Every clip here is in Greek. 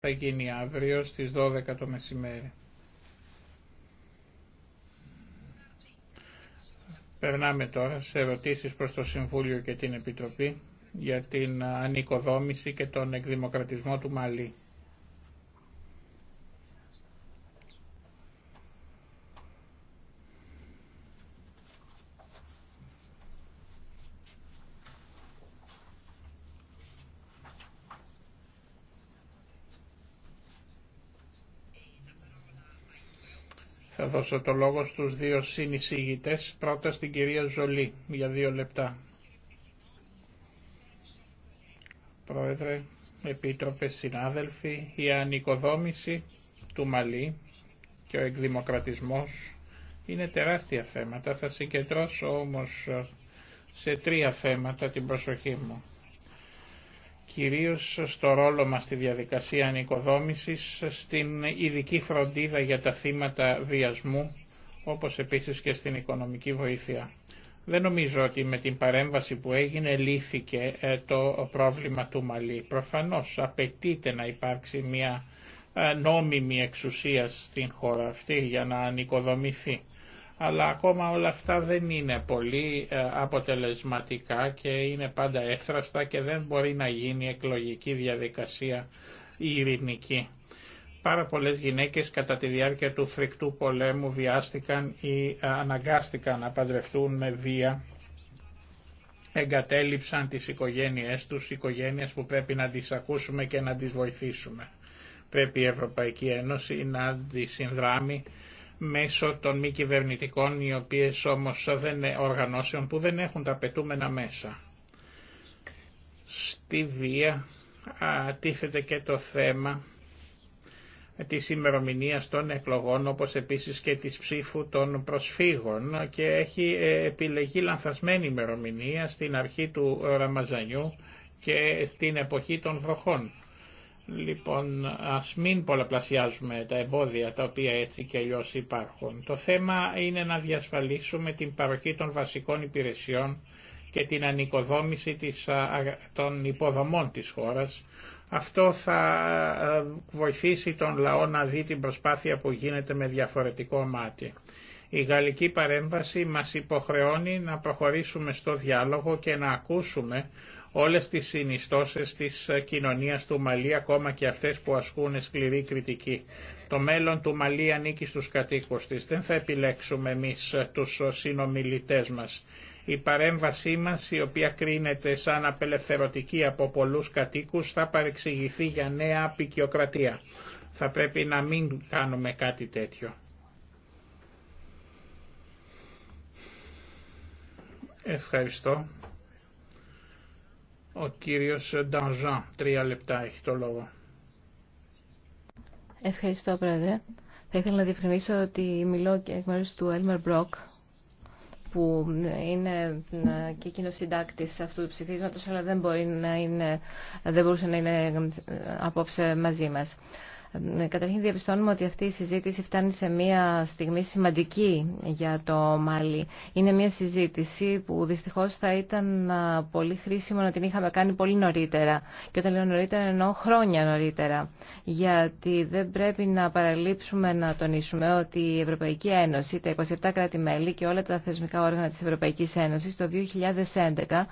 θα γίνει αύριο στις 12 το μεσημέρι. Περνάμε τώρα σε ερωτήσεις προς το Συμβούλιο και την Επιτροπή για την ανοικοδόμηση και τον εκδημοκρατισμό του Μαλή. δώσω το λόγο στους δύο συνεισηγητές, πρώτα στην κυρία Ζολή για δύο λεπτά. Πρόεδρε, Επίτροπε, συνάδελφοι, η ανοικοδόμηση του Μαλή και ο εκδημοκρατισμός είναι τεράστια θέματα. Θα συγκεντρώσω όμως σε τρία θέματα την προσοχή μου κυρίως στο ρόλο μας στη διαδικασία ανοικοδόμησης, στην ειδική φροντίδα για τα θύματα βιασμού, όπως επίσης και στην οικονομική βοήθεια. Δεν νομίζω ότι με την παρέμβαση που έγινε λύθηκε ε, το πρόβλημα του Μαλή. Προφανώς απαιτείται να υπάρξει μια ε, νόμιμη εξουσία στην χώρα αυτή για να ανοικοδομηθεί αλλά ακόμα όλα αυτά δεν είναι πολύ ε, αποτελεσματικά και είναι πάντα εύθραυστα και δεν μπορεί να γίνει εκλογική διαδικασία ή ειρηνική. Πάρα πολλές γυναίκες κατά τη διάρκεια του φρικτού πολέμου βιάστηκαν ή ε, αναγκάστηκαν να παντρευτούν με βία, εγκατέλειψαν τις οικογένειές τους, οικογένειες που πρέπει να τις ακούσουμε και να τις βοηθήσουμε. Πρέπει η Ευρωπαϊκή Ένωση να τις συνδράμει μέσω των μη κυβερνητικών οι οποίες όμως δεν, οργανώσεων που δεν έχουν τα απαιτούμενα μέσα. Στη βία αντίθεται και το θέμα της ημερομηνία των εκλογών όπως επίσης και της ψήφου των προσφύγων και έχει ε, επιλεγεί λανθασμένη ημερομηνία στην αρχή του Ραμαζανιού και στην εποχή των βροχών. Λοιπόν, ας μην πολλαπλασιάζουμε τα εμπόδια τα οποία έτσι και αλλιώ υπάρχουν. Το θέμα είναι να διασφαλίσουμε την παροχή των βασικών υπηρεσιών και την ανοικοδόμηση της, των υποδομών της χώρας. Αυτό θα βοηθήσει τον λαό να δει την προσπάθεια που γίνεται με διαφορετικό μάτι. Η γαλλική παρέμβαση μας υποχρεώνει να προχωρήσουμε στο διάλογο και να ακούσουμε όλες τις συνιστώσεις της ε, κοινωνίας του Μαλή, ακόμα και αυτές που ασκούν σκληρή κριτική. Το μέλλον του Μαλή ανήκει στους κατοίκους της. Δεν θα επιλέξουμε εμείς ε, τους ε, συνομιλητές μας. Η παρέμβασή μας, η οποία κρίνεται σαν απελευθερωτική από πολλούς κατοίκους, θα παρεξηγηθεί για νέα πικιοκρατία. Θα πρέπει να μην κάνουμε κάτι τέτοιο. Ευχαριστώ. Ο κύριος Ντανζάν, τρία λεπτά έχει το λόγο. Ευχαριστώ, Πρόεδρε. Θα ήθελα να διευκρινίσω ότι μιλώ και εκ μέρους του Έλμερ Μπρόκ, που είναι ε, και εκείνο συντάκτη αυτού του ψηφίσματος, αλλά δεν, μπορεί να είναι, δεν μπορούσε να είναι ε, απόψε μαζί μας. Ναι, καταρχήν διαπιστώνουμε ότι αυτή η συζήτηση φτάνει σε μια στιγμή σημαντική για το Μάλι. Είναι μια συζήτηση που δυστυχώς θα ήταν πολύ χρήσιμο να την είχαμε κάνει πολύ νωρίτερα. Και όταν λέω νωρίτερα εννοώ χρόνια νωρίτερα. Γιατί δεν πρέπει να παραλείψουμε να τονίσουμε ότι η Ευρωπαϊκή Ένωση, τα 27 κράτη-μέλη και όλα τα θεσμικά όργανα της Ευρωπαϊκής Ένωσης το 2011,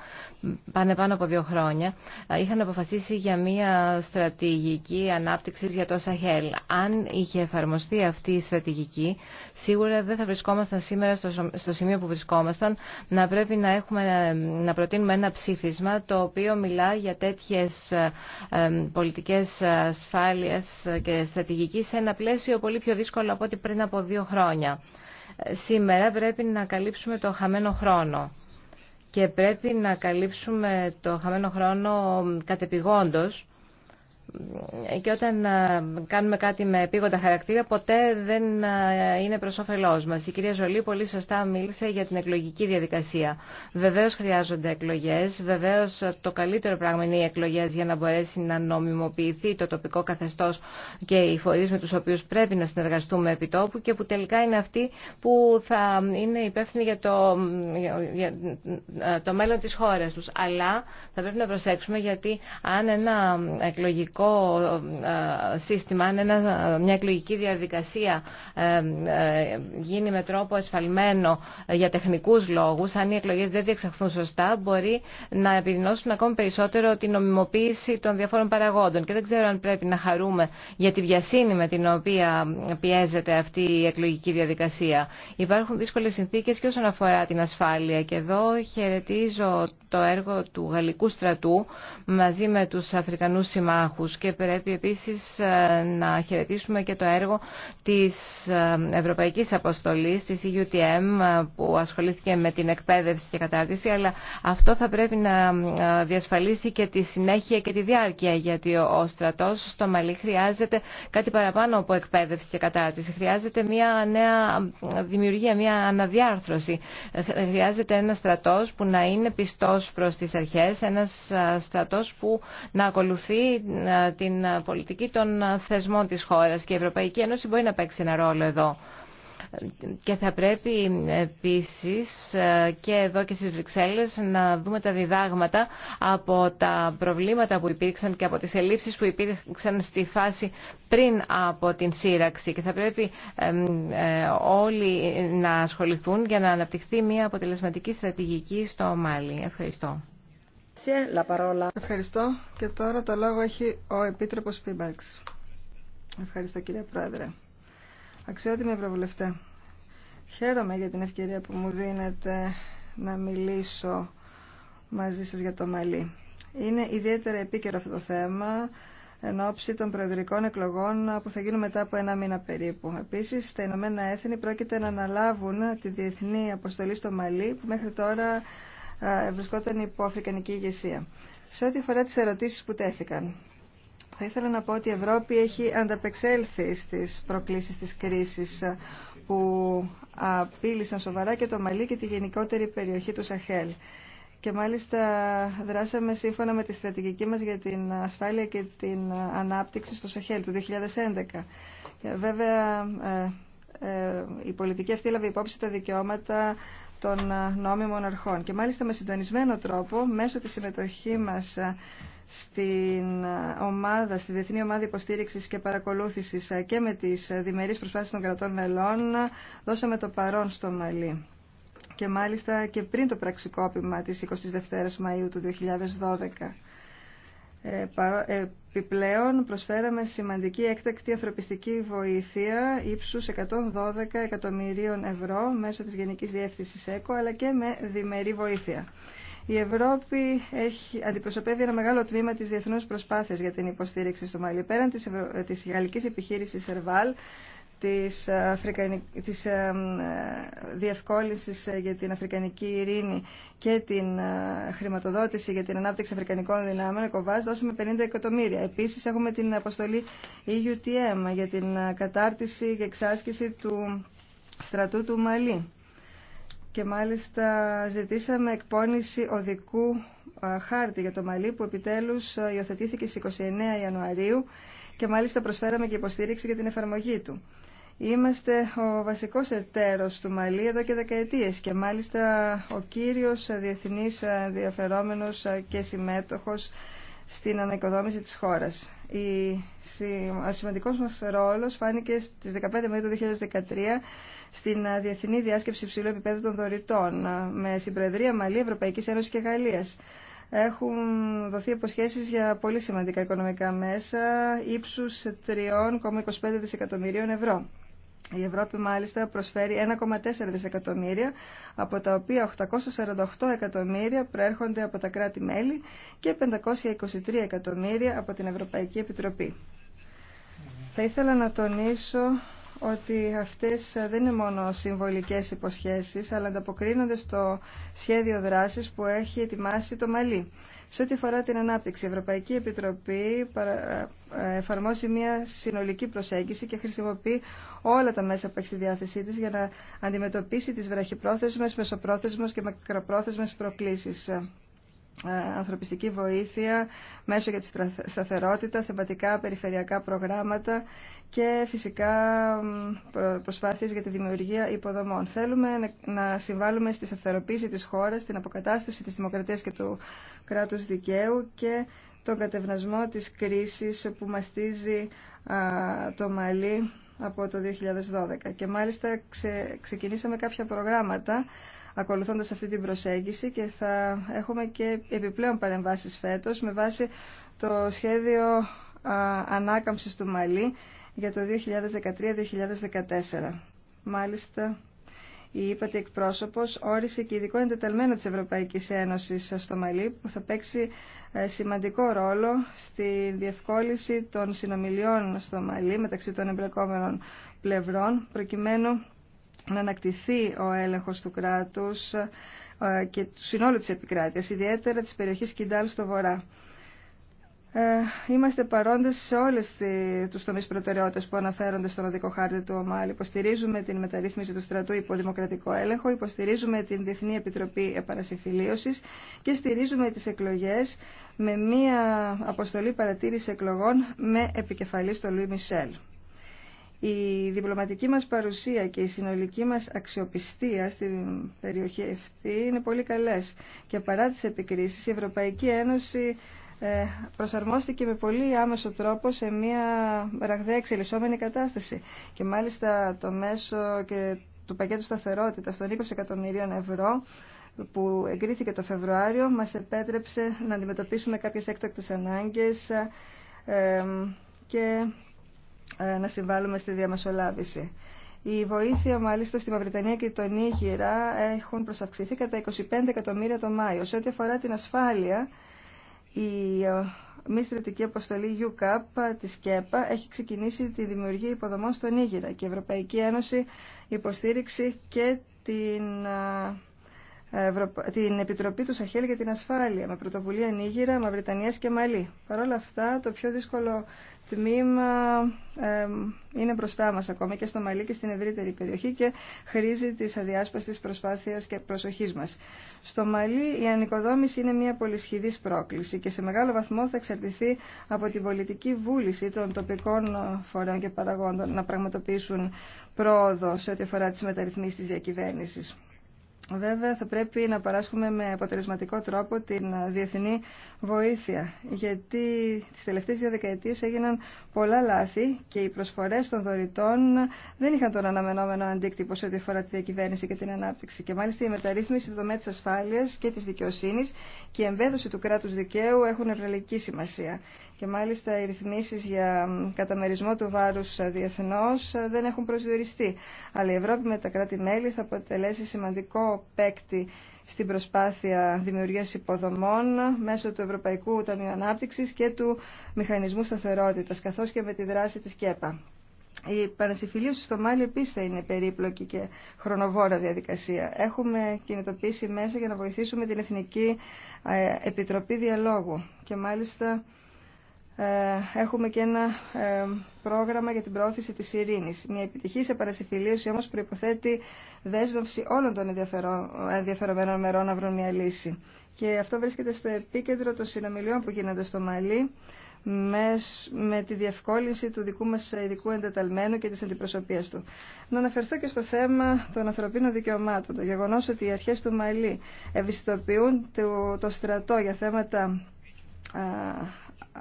πάνε πάνω από δύο χρόνια, είχαν αποφασίσει για μια στρατηγική ανάπτυξη για το Σαχέλ. Αν είχε εφαρμοστεί αυτή η στρατηγική, σίγουρα δεν θα βρισκόμασταν σήμερα στο σημείο που βρισκόμασταν να πρέπει να, έχουμε, να προτείνουμε ένα ψήφισμα το οποίο μιλά για τέτοιες πολιτικές ασφάλειες και στρατηγική σε ένα πλαίσιο πολύ πιο δύσκολο από ό,τι πριν από δύο χρόνια. Σήμερα πρέπει να καλύψουμε το χαμένο χρόνο και πρέπει να καλύψουμε το χαμένο χρόνο κατεπηγόντως και όταν ε, κάνουμε κάτι με επίγοντα χαρακτήρα ποτέ δεν ε, είναι προς όφελός μας. Η κυρία Ζολή πολύ σωστά μίλησε για την εκλογική διαδικασία. Βεβαίως χρειάζονται εκλογές, βεβαίως ε, το καλύτερο πράγμα είναι οι εκλογές για να μπορέσει να νομιμοποιηθεί το τοπικό καθεστώς και οι φορείς με τους οποίους πρέπει να συνεργαστούμε επί τόπου και που τελικά είναι αυτοί που θα είναι υπεύθυνοι για το, για το μέλλον της χώρας τους. Αλλά θα πρέπει να προσέξουμε γιατί αν ένα εκλογικό εκλογικό ε, σύστημα, αν ε, μια εκλογική διαδικασία ε, γίνει με τρόπο ασφαλμένο για τεχνικούς λόγους, αν οι εκλογές δεν διεξαχθούν σωστά, μπορεί να επιδεινώσουν ακόμη περισσότερο την νομιμοποίηση των διαφόρων παραγόντων. Και δεν ξέρω αν πρέπει να χαρούμε για τη βιασύνη με την οποία πιέζεται αυτή η εκλογική διαδικασία. Υπάρχουν δύσκολες συνθήκες και όσον αφορά την ασφάλεια. Και εδώ χαιρετίζω το έργο του Γαλλικού στρατού μαζί με τους Αφρικανούς συμμάχους και πρέπει επίσης ε, να χαιρετήσουμε και το έργο της ε, Ευρωπαϊκής Αποστολής, της EUTM ε, που ασχολήθηκε με την εκπαίδευση και κατάρτιση αλλά αυτό θα πρέπει να διασφαλίσει και τη συνέχεια και τη διάρκεια γιατί ο στρατός στο Μαλή χρειάζεται κάτι παραπάνω από εκπαίδευση και κατάρτιση. Χρειάζεται μια νέα δημιουργία, μια αναδιάρθρωση. Χρειάζεται ένα στρατός που να είναι πιστός προς τις αρχές, ένας στρατός που να ακολουθεί την πολιτική των θεσμών της χώρας και η Ευρωπαϊκή Ένωση μπορεί να παίξει ένα ρόλο εδώ. Και θα πρέπει επίσης ε, και εδώ και στις Βρυξέλλες να δούμε τα διδάγματα από τα προβλήματα που υπήρξαν και από τις ελλείψεις που υπήρξαν στη φάση πριν από την σύραξη. Και θα πρέπει ε, όλοι να ασχοληθούν για να αναπτυχθεί μια αποτελεσματική στρατηγική στο Μάλι. Ευχαριστώ. Ευχαριστώ. Και τώρα το λόγο έχει ο Επίτροπος Πίμπαξ. Ευχαριστώ κύριε Πρόεδρε. Αξιότιμη Ευρωβουλευτέ, χαίρομαι για την ευκαιρία που μου δίνετε να μιλήσω μαζί σας για το Μαλί. Είναι ιδιαίτερα επίκαιρο αυτό το θέμα εν ώψη των προεδρικών εκλογών που θα γίνουν μετά από ένα μήνα περίπου. Επίσης, τα Ηνωμένα Έθνη πρόκειται να αναλάβουν τη διεθνή αποστολή στο Μαλί που μέχρι τώρα ε, βρισκόταν υπό αφρικανική ηγεσία. Σε ό,τι αφορά τι ερωτήσεις που τέθηκαν, θα ήθελα να πω ότι η Ευρώπη έχει ανταπεξέλθει στις προκλήσεις της κρίσης ε, που απείλησαν σοβαρά και το Μαλί και τη γενικότερη περιοχή του Σαχέλ. Και μάλιστα δράσαμε σύμφωνα με τη στρατηγική μας για την ασφάλεια και την ανάπτυξη στο Σαχέλ του 2011. βέβαια ε, η πολιτική αυτή υπόψη τα δικαιώματα των ε, νόμιμων αρχών και μάλιστα με συντονισμένο τρόπο μέσω της συμμετοχή μας ε, στην ε, ομάδα, στη Διεθνή Ομάδα Υποστήριξης και Παρακολούθησης και με τις διμερείς προσπάθειες των κρατών μελών δώσαμε το παρόν στο Μαλί. Και μάλιστα και πριν το πραξικόπημα της 22ης Μαΐου του 2012. Επιπλέον προσφέραμε σημαντική έκτακτη ανθρωπιστική βοήθεια ύψους 112 εκατομμυρίων ευρώ μέσω της Γενικής Διεύθυνσης ΕΚΟ αλλά και με διμερή βοήθεια. Η Ευρώπη έχει, αντιπροσωπεύει ένα μεγάλο τμήμα της διεθνούς προσπάθειας για την υποστήριξη στο Μαλί. Πέραν της, Ευρω... της επιχείρησης Ερβάλ, της, ε, της ε, ε, διευκόλυνσης για την Αφρικανική ειρήνη και την χρηματοδότηση για την ανάπτυξη Αφρικανικών δυνάμεων, κοβάς, δώσαμε 50 εκατομμύρια. Επίσης έχουμε την αποστολή EUTM για την κατάρτιση και εξάσκηση του στρατού του Μαλή. Και μάλιστα ζητήσαμε εκπόνηση οδικού χάρτη για το Μαλή που επιτέλους υιοθετήθηκε στις 29 Ιανουαρίου και μάλιστα προσφέραμε και υποστήριξη για την εφαρμογή του. Είμαστε ο βασικός εταίρος του Μαλή εδώ και δεκαετίες και μάλιστα ο κύριος διεθνής διαφερόμενος και συμμέτοχος στην ανακοδόμηση της χώρας. Ο σημαντικός μας ρόλος φάνηκε στις 15 Μαΐου του 2013 στην Διεθνή Διάσκεψη Υψηλού Επιπέδου των Δωρητών με συμπροεδρία Μαλή, Ευρωπαϊκής Ένωσης και Γαλλίας έχουν δοθεί υποσχέσει για πολύ σημαντικά οικονομικά μέσα ύψους 3,25 δισεκατομμυρίων ευρώ. Η Ευρώπη μάλιστα προσφέρει 1,4 δισεκατομμύρια, από τα οποία 848 εκατομμύρια προέρχονται από τα κράτη-μέλη και 523 εκατομμύρια από την Ευρωπαϊκή Επιτροπή. Θα ήθελα να τονίσω ότι αυτές δεν είναι μόνο συμβολικές υποσχέσεις, αλλά ανταποκρίνονται στο σχέδιο δράσης που έχει ετοιμάσει το Μαλί. Σε ό,τι αφορά την ανάπτυξη, η Ευρωπαϊκή Επιτροπή ε, εφαρμόζει μια συνολική προσέγγιση και χρησιμοποιεί όλα τα μέσα που έχει στη διάθεσή της για να αντιμετωπίσει τις βραχυπρόθεσμες, μεσοπρόθεσμες και μακροπρόθεσμες προκλήσεις. Ε, ανθρωπιστική βοήθεια, μέσω για τη σταθερότητα, θεματικά περιφερειακά προγράμματα και φυσικά προσπάθειες για τη δημιουργία υποδομών. Θέλουμε να συμβάλλουμε στη σταθεροποίηση της χώρας, την αποκατάσταση της δημοκρατίας και του κράτους δικαίου και τον κατευνασμό της κρίσης που μαστίζει το Μαλί από το 2012 και μάλιστα ξεκινήσαμε κάποια προγράμματα ακολουθώντας αυτή την προσέγγιση και θα έχουμε και επιπλέον παρεμβάσεις φέτος με βάση το σχέδιο ανάκαμψης του Μαλή για το 2013-2014. Μάλιστα η ύπατη εκπρόσωπο, όρισε και ειδικό εντεταλμένο της ευρωπαϊκή Ένωση στο Μαλί που θα παίξει ε, σημαντικό ρόλο στη διευκόλυνση των συνομιλιών στο Μαλί μεταξύ των εμπλεκόμενων πλευρών προκειμένου να ανακτηθεί ο έλεγχος του κράτους ε, και του συνόλου της επικράτειας, ιδιαίτερα της περιοχή Κιντάλ στο βορρά. Ε, είμαστε παρόντες σε όλες τους τομείς προτεραιότητας που αναφέρονται στον οδικό χάρτη του ΟΜΑΛ. Υποστηρίζουμε την μεταρρύθμιση του στρατού υπό δημοκρατικό έλεγχο, υποστηρίζουμε την Διεθνή Επιτροπή Επανασυμφιλίωσης και στηρίζουμε τις εκλογές με μία αποστολή παρατήρηση εκλογών με επικεφαλή στο Λουί Μισελ. Η διπλωματική μας παρουσία και η συνολική μας αξιοπιστία στην περιοχή αυτή είναι πολύ καλές και παρά τις επικρίσεις η Ευρωπαϊκή Ένωση ε, προσαρμόστηκε με πολύ άμεσο τρόπο σε μια ραγδαία εξελισσόμενη κατάσταση. Και μάλιστα το μέσο και του πακέτου σταθερότητας των 20 εκατομμυρίων ευρώ που εγκρίθηκε το Φεβρουάριο μας επέτρεψε να αντιμετωπίσουμε κάποιες έκτακτες ανάγκες και ε, να συμβάλλουμε στη διαμεσολάβηση. Η βοήθεια μάλιστα στη Μαυριτανία και τον Ήγηρα έχουν προσαυξηθεί κατά 25 εκατομμύρια το Μάιο. Σε ό,τι αφορά την ασφάλεια, η ε, μη στρατική αποστολή UCAP της ΚΕΠΑ έχει ξεκινήσει τη δημιουργία υποδομών στον Ήγηρα και η Ευρωπαϊκή Ένωση υποστήριξε και την ε, την Επιτροπή του Σαχέλ για την Ασφάλεια με πρωτοβουλία Νίγηρα, Μαυριτανία και Μαλή. Παρ' όλα αυτά το πιο δύσκολο τμήμα είναι μπροστά μα ακόμα και στο Μαλή και στην ευρύτερη περιοχή και χρήζει τη αδιάσπαστη προσπάθεια και προσοχή μα. Στο Μαλή η ανοικοδόμηση είναι μια πολυσχηδή πρόκληση και σε μεγάλο βαθμό θα εξαρτηθεί από την πολιτική βούληση των τοπικών φορέων και παραγόντων να πραγματοποιήσουν πρόοδο σε ό,τι αφορά τι μεταρρυθμίσει τη διακυβέρνηση. Βέβαια θα πρέπει να παράσχουμε με αποτελεσματικό τρόπο την διεθνή βοήθεια γιατί τις τελευταίες δύο δεκαετίες έγιναν πολλά λάθη και οι προσφορές των δωρητών δεν είχαν τον αναμενόμενο αντίκτυπο σε ό,τι αφορά τη διακυβέρνηση και την ανάπτυξη και μάλιστα η μεταρρύθμιση του δομέα της ασφάλειας και της δικαιοσύνης και η εμβέδωση του κράτους δικαίου έχουν ευρελική σημασία και μάλιστα οι ρυθμίσεις για καταμερισμό του βάρους διεθνώς δεν έχουν προσδιοριστεί αλλά η Ευρώπη με τα κράτη-μέλη θα αποτελέσει σημαντικό παίκτη στην προσπάθεια δημιουργίας υποδομών μέσω του Ευρωπαϊκού Ταμείου Ανάπτυξης και του Μηχανισμού Σταθερότητας, καθώς και με τη δράση της ΚΕΠΑ. Η παρασυμφιλίωση στο Μάλι επίση θα είναι περίπλοκη και χρονοβόρα διαδικασία. Έχουμε κινητοποιήσει μέσα για να βοηθήσουμε την Εθνική ε, Επιτροπή Διαλόγου και μάλιστα ε, έχουμε και ένα ε, πρόγραμμα για την προώθηση της ειρήνης. Μια επιτυχή σε παρασυμφιλίωση όμως προϋποθέτει δέσμευση όλων των ενδιαφερομένων μερών να βρουν μια λύση. Και αυτό βρίσκεται στο επίκεντρο των συνομιλιών που γίνονται στο Μαλί με τη διευκόλυνση του δικού μας ειδικού εντεταλμένου και της αντιπροσωπείας του. Να αναφερθώ και στο θέμα των ανθρωπίνων δικαιωμάτων. Το γεγονός ότι οι αρχές του Μαλή ευαισθητοποιούν το στρατό για θέματα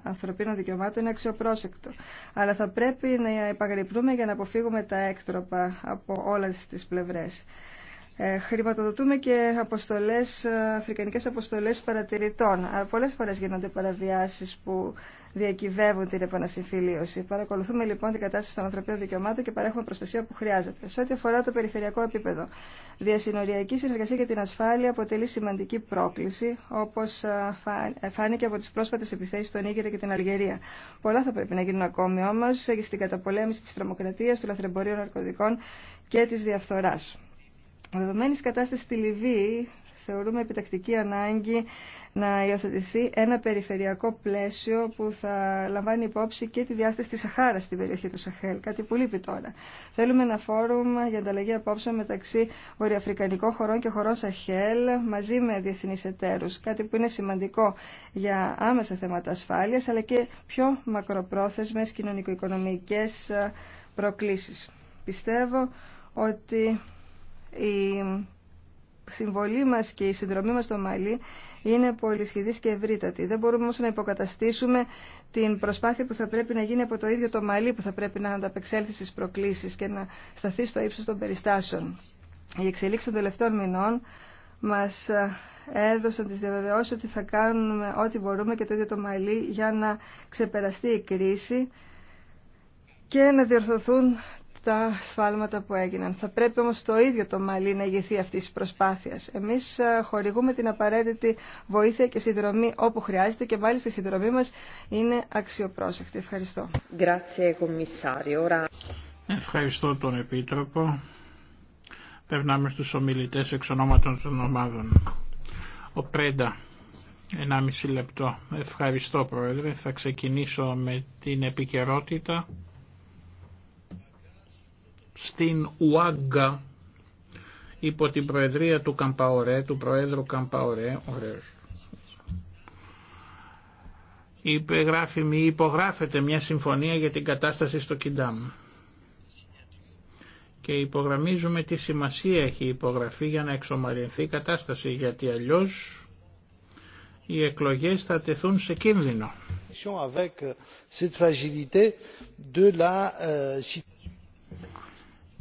ανθρωπίνων δικαιωμάτων είναι αξιοπρόσεκτο. Αλλά θα πρέπει να επαγρυπνούμε για να αποφύγουμε τα έκτροπα από όλε τι πλευρέ. Ε, χρηματοδοτούμε και αποστολές, ε, αφρικανικές αποστολές παρατηρητών. Αλλά πολλές φορές γίνονται παραβιάσεις που διακυβεύουν την επανασυμφιλίωση. Παρακολουθούμε λοιπόν την κατάσταση των ανθρωπίνων δικαιωμάτων και παρέχουμε προστασία που χρειάζεται. Σε ό,τι αφορά το περιφερειακό επίπεδο, διασυνοριακή συνεργασία για την ασφάλεια αποτελεί σημαντική πρόκληση, όπω ε, ε, φάνηκε από τι πρόσφατε επιθέσει στον Ήγηρα και την Αργερία. Πολλά θα πρέπει να γίνουν ακόμη όμω ε, στην καταπολέμηση τη τρομοκρατία, του λαθρεμπορίου ναρκωτικών και τη διαφθορά. Δεδομένη κατάσταση στη Λιβύη, θεωρούμε επιτακτική ανάγκη να υιοθετηθεί ένα περιφερειακό πλαίσιο που θα λαμβάνει υπόψη και τη διάσταση της Σαχάρα στην περιοχή του Σαχέλ, κάτι που λείπει τώρα. Θέλουμε ένα φόρουμ για ανταλλαγή απόψεων μεταξύ βορειοαφρικανικών χωρών και χωρών Σαχέλ μαζί με διεθνείς εταίρους, κάτι που είναι σημαντικό για άμεσα θέματα ασφάλειας αλλά και πιο μακροπρόθεσμες κοινωνικο-οικονομικές ε, προκλήσεις. Πιστεύω ότι συμβολή μα και η συνδρομή μας στο Μαλί είναι πολυσχηδή και ευρύτατη. Δεν μπορούμε όμως να υποκαταστήσουμε την προσπάθεια που θα πρέπει να γίνει από το ίδιο το Μαλί που θα πρέπει να ανταπεξέλθει στις προκλήσεις και να σταθεί στο ύψο των περιστάσεων. Οι εξελίξη των τελευταίων μηνών μας ε, έδωσαν τι διαβεβαιώσει ότι θα κάνουμε ό,τι μπορούμε και το ίδιο το Μαλί για να ξεπεραστεί η κρίση και να διορθωθούν τα σφάλματα που έγιναν. Θα πρέπει όμως το ίδιο το μαλλί να ηγηθεί αυτής της προσπάθειας. Εμείς ε, χορηγούμε την απαραίτητη βοήθεια και συνδρομή όπου χρειάζεται και μάλιστα η συνδρομή μας είναι αξιοπρόσεκτη. Ευχαριστώ. Ευχαριστώ τον Επίτροπο. Περνάμε στους ομιλητές εξ ονόματων των ομάδων. Ο Πρέντα, ένα μισή λεπτό. Ευχαριστώ Πρόεδρε. Θα ξεκινήσω με την επικαιρότητα στην Ουάγκα υπό την προεδρία του Καμπαορέ, του Προέδρου Καμπαορέ, ωραίος. Υπεγράφει, μη υπογράφεται μια συμφωνία για την κατάσταση στο Κιντάμ. Και υπογραμμίζουμε τι σημασία έχει η υπογραφή για να εξομαλυνθεί η κατάσταση, γιατί αλλιώς οι εκλογές θα τεθούν σε κίνδυνο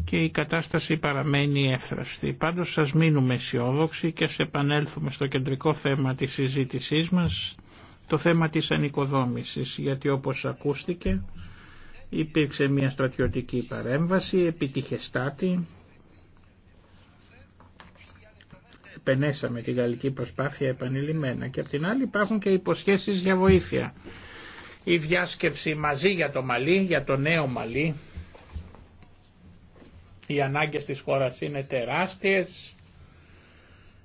και η κατάσταση παραμένει εύθραστη. Πάντως σας μείνουμε αισιόδοξοι και σε επανέλθουμε στο κεντρικό θέμα της συζήτησής μας, το θέμα της ανοικοδόμησης, γιατί όπως ακούστηκε υπήρξε μια στρατιωτική παρέμβαση, επιτυχεστάτη, επενέσαμε τη γαλλική προσπάθεια επανειλημμένα και απ' την άλλη υπάρχουν και υποσχέσεις για βοήθεια. Η διάσκεψη μαζί για το Μαλί, για το νέο Μαλί, οι ανάγκες της χώρας είναι τεράστιες.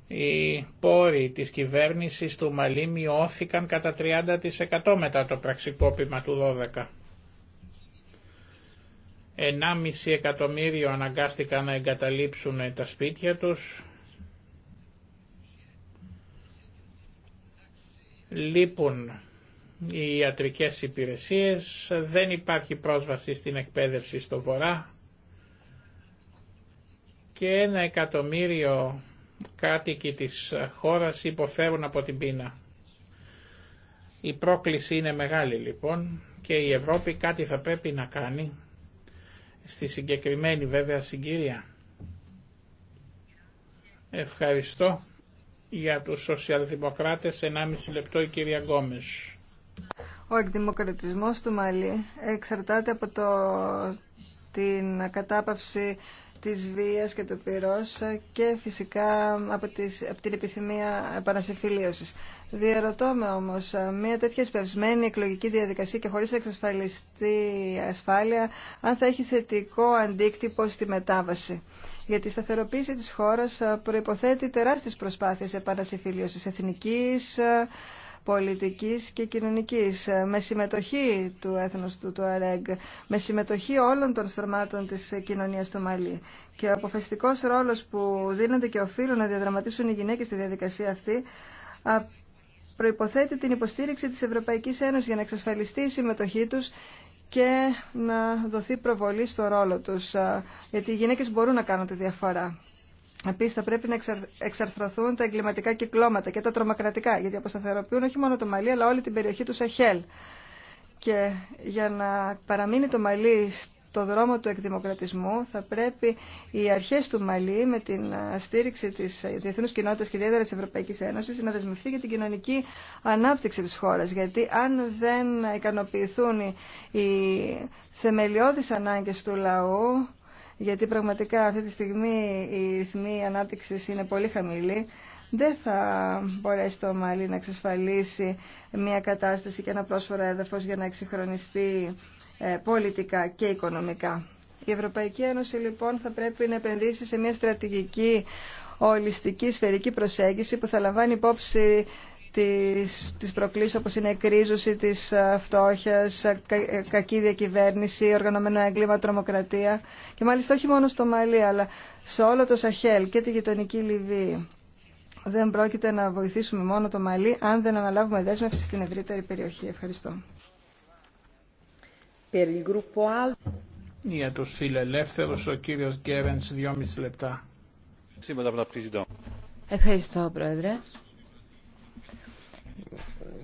Οι πόροι της κυβέρνησης του Μαλή μειώθηκαν κατά 30% μετά το πραξικόπημα του 12. 1,5 εκατομμύριο αναγκάστηκαν να εγκαταλείψουν τα σπίτια τους. Λείπουν οι ιατρικές υπηρεσίες, δεν υπάρχει πρόσβαση στην εκπαίδευση στο βορρά, και ένα εκατομμύριο κάτοικοι της χώρας υποφέρουν από την πείνα. Η πρόκληση είναι μεγάλη λοιπόν και η Ευρώπη κάτι θα πρέπει να κάνει στη συγκεκριμένη βέβαια συγκύρια. Ευχαριστώ για τους σοσιαλδημοκράτες 1,5 λεπτό η κυρία Γκόμες. Ο εκδημοκρατισμός του Μαλή εξαρτάται από το, την κατάπαυση της βίας και του πυρός και φυσικά από, τις, από την επιθυμία επανασυμφιλίωσης. Διερωτώ με όμως, μια τέτοια σπευσμένη εκλογική διαδικασία και χωρίς να ασφάλεια, αν θα έχει θετικό αντίκτυπο στη μετάβαση. Γιατί η σταθεροποίηση της χώρας προϋποθέτει τεράστιες προσπάθειες επανασυμφιλίωσης εθνικής, πολιτικής και κοινωνικής, ε, με συμμετοχή του έθνους του ΑΡΕΓ, με συμμετοχή όλων των στρωμάτων της κοινωνίας του Μαλή. Και ο αποφασιστικός ρόλος που δίνονται και οφείλουν να διαδραματίσουν οι γυναίκες στη διαδικασία αυτή, προϋποθέτει την υποστήριξη της Ευρωπαϊκής Ένωσης για να εξασφαλιστεί η συμμετοχή τους και να δοθεί προβολή στο ρόλο τους, γιατί οι γυναίκες μπορούν να κάνουν τη διαφορά. Επίση, θα πρέπει να εξαρθρωθούν τα εγκληματικά κυκλώματα και τα τρομακρατικά, γιατί αποσταθεροποιούν όχι μόνο το Μαλί, αλλά όλη την περιοχή του Σαχέλ. Και για να παραμείνει το Μαλί στο δρόμο του εκδημοκρατισμού, θα πρέπει οι αρχέ του Μαλί, με την ε, στήριξη τη ε, διεθνού κοινότητα και ιδιαίτερα τη Ευρωπαϊκή Ένωση, να δεσμευτεί για την κοινωνική ανάπτυξη τη χώρα. Γιατί αν δεν ικανοποιηθούν οι θεμελιώδει ανάγκε του λαού, γιατί πραγματικά αυτή τη στιγμή η ρυθμή ανάπτυξης είναι πολύ χαμηλή, δεν θα μπορέσει το Μαλί να εξασφαλίσει μια κατάσταση και ένα πρόσφορο έδαφος για να εξυγχρονιστεί ε, πολιτικά και οικονομικά. Η Ευρωπαϊκή Ένωση λοιπόν θα πρέπει να επενδύσει σε μια στρατηγική ολιστική σφαιρική προσέγγιση που θα λαμβάνει υπόψη τις, τις προκλήσεις όπως είναι η κρίζωση της ε, φτώχειας, ε, ε, κακή διακυβέρνηση, οργανωμένο έγκλημα, τρομοκρατία και μάλιστα όχι μόνο στο Μαλί αλλά σε όλο το Σαχέλ και τη γειτονική Λιβύη. Δεν πρόκειται να βοηθήσουμε μόνο το Μαλί αν δεν αναλάβουμε δέσμευση στην ευρύτερη περιοχή. Ευχαριστώ. Για Ευχαριστώ, Πρόεδρε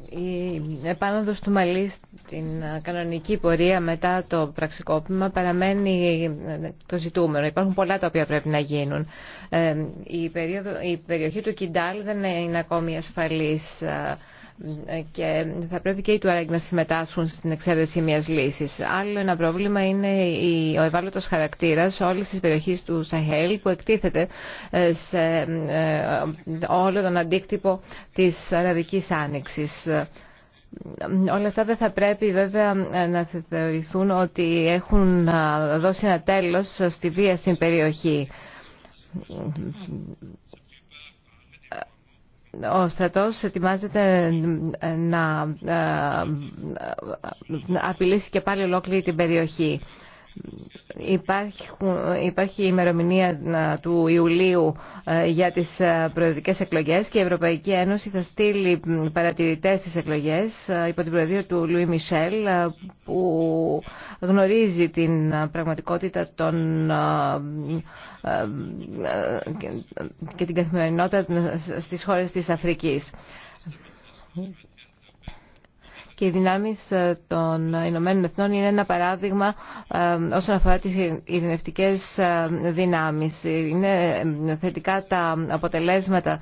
η επάνωδος του Μαλή στην κανονική πορεία μετά το πραξικόπημα παραμένει το ζητούμενο. Υπάρχουν πολλά τα οποία πρέπει να γίνουν. Ε, η, η περιοχή του Κιντάλ δεν είναι ακόμη ασφαλής. Ε, και θα πρέπει και οι Τουαρέγκ να συμμετάσχουν στην εξέβρεση μιας λύσης. Άλλο ένα πρόβλημα είναι ο ευάλωτο χαρακτήρας όλη τη περιοχή του Σαχέλ που εκτίθεται ε, σε ε, όλο τον αντίκτυπο της Αραβική άνοιξη. Όλα αυτά δεν θα πρέπει βέβαια να θεωρηθούν ότι έχουν ε, δώσει ένα τέλος στη βία στην περιοχή ο στρατός ετοιμάζεται να ε, ε, απειλήσει και πάλι ολόκληρη την περιοχή. Υπάρχει η ημερομηνία ε, του Ιουλίου ε, για τις ε, προεδρικές εκλογές και η Ευρωπαϊκή Ένωση θα στείλει παρατηρητές στις εκλογές υπό την προεδρία του Λουί Μισελ που γνωρίζει την πραγματικότητα των... και την καθημερινότητα στις χώρες της Αφρικής και οι δυνάμεις ε, των Ηνωμένων Εθνών είναι ένα παράδειγμα ε, όσον αφορά τις ειρηνευτικές ε, δυνάμεις. Είναι θετικά τα αποτελέσματα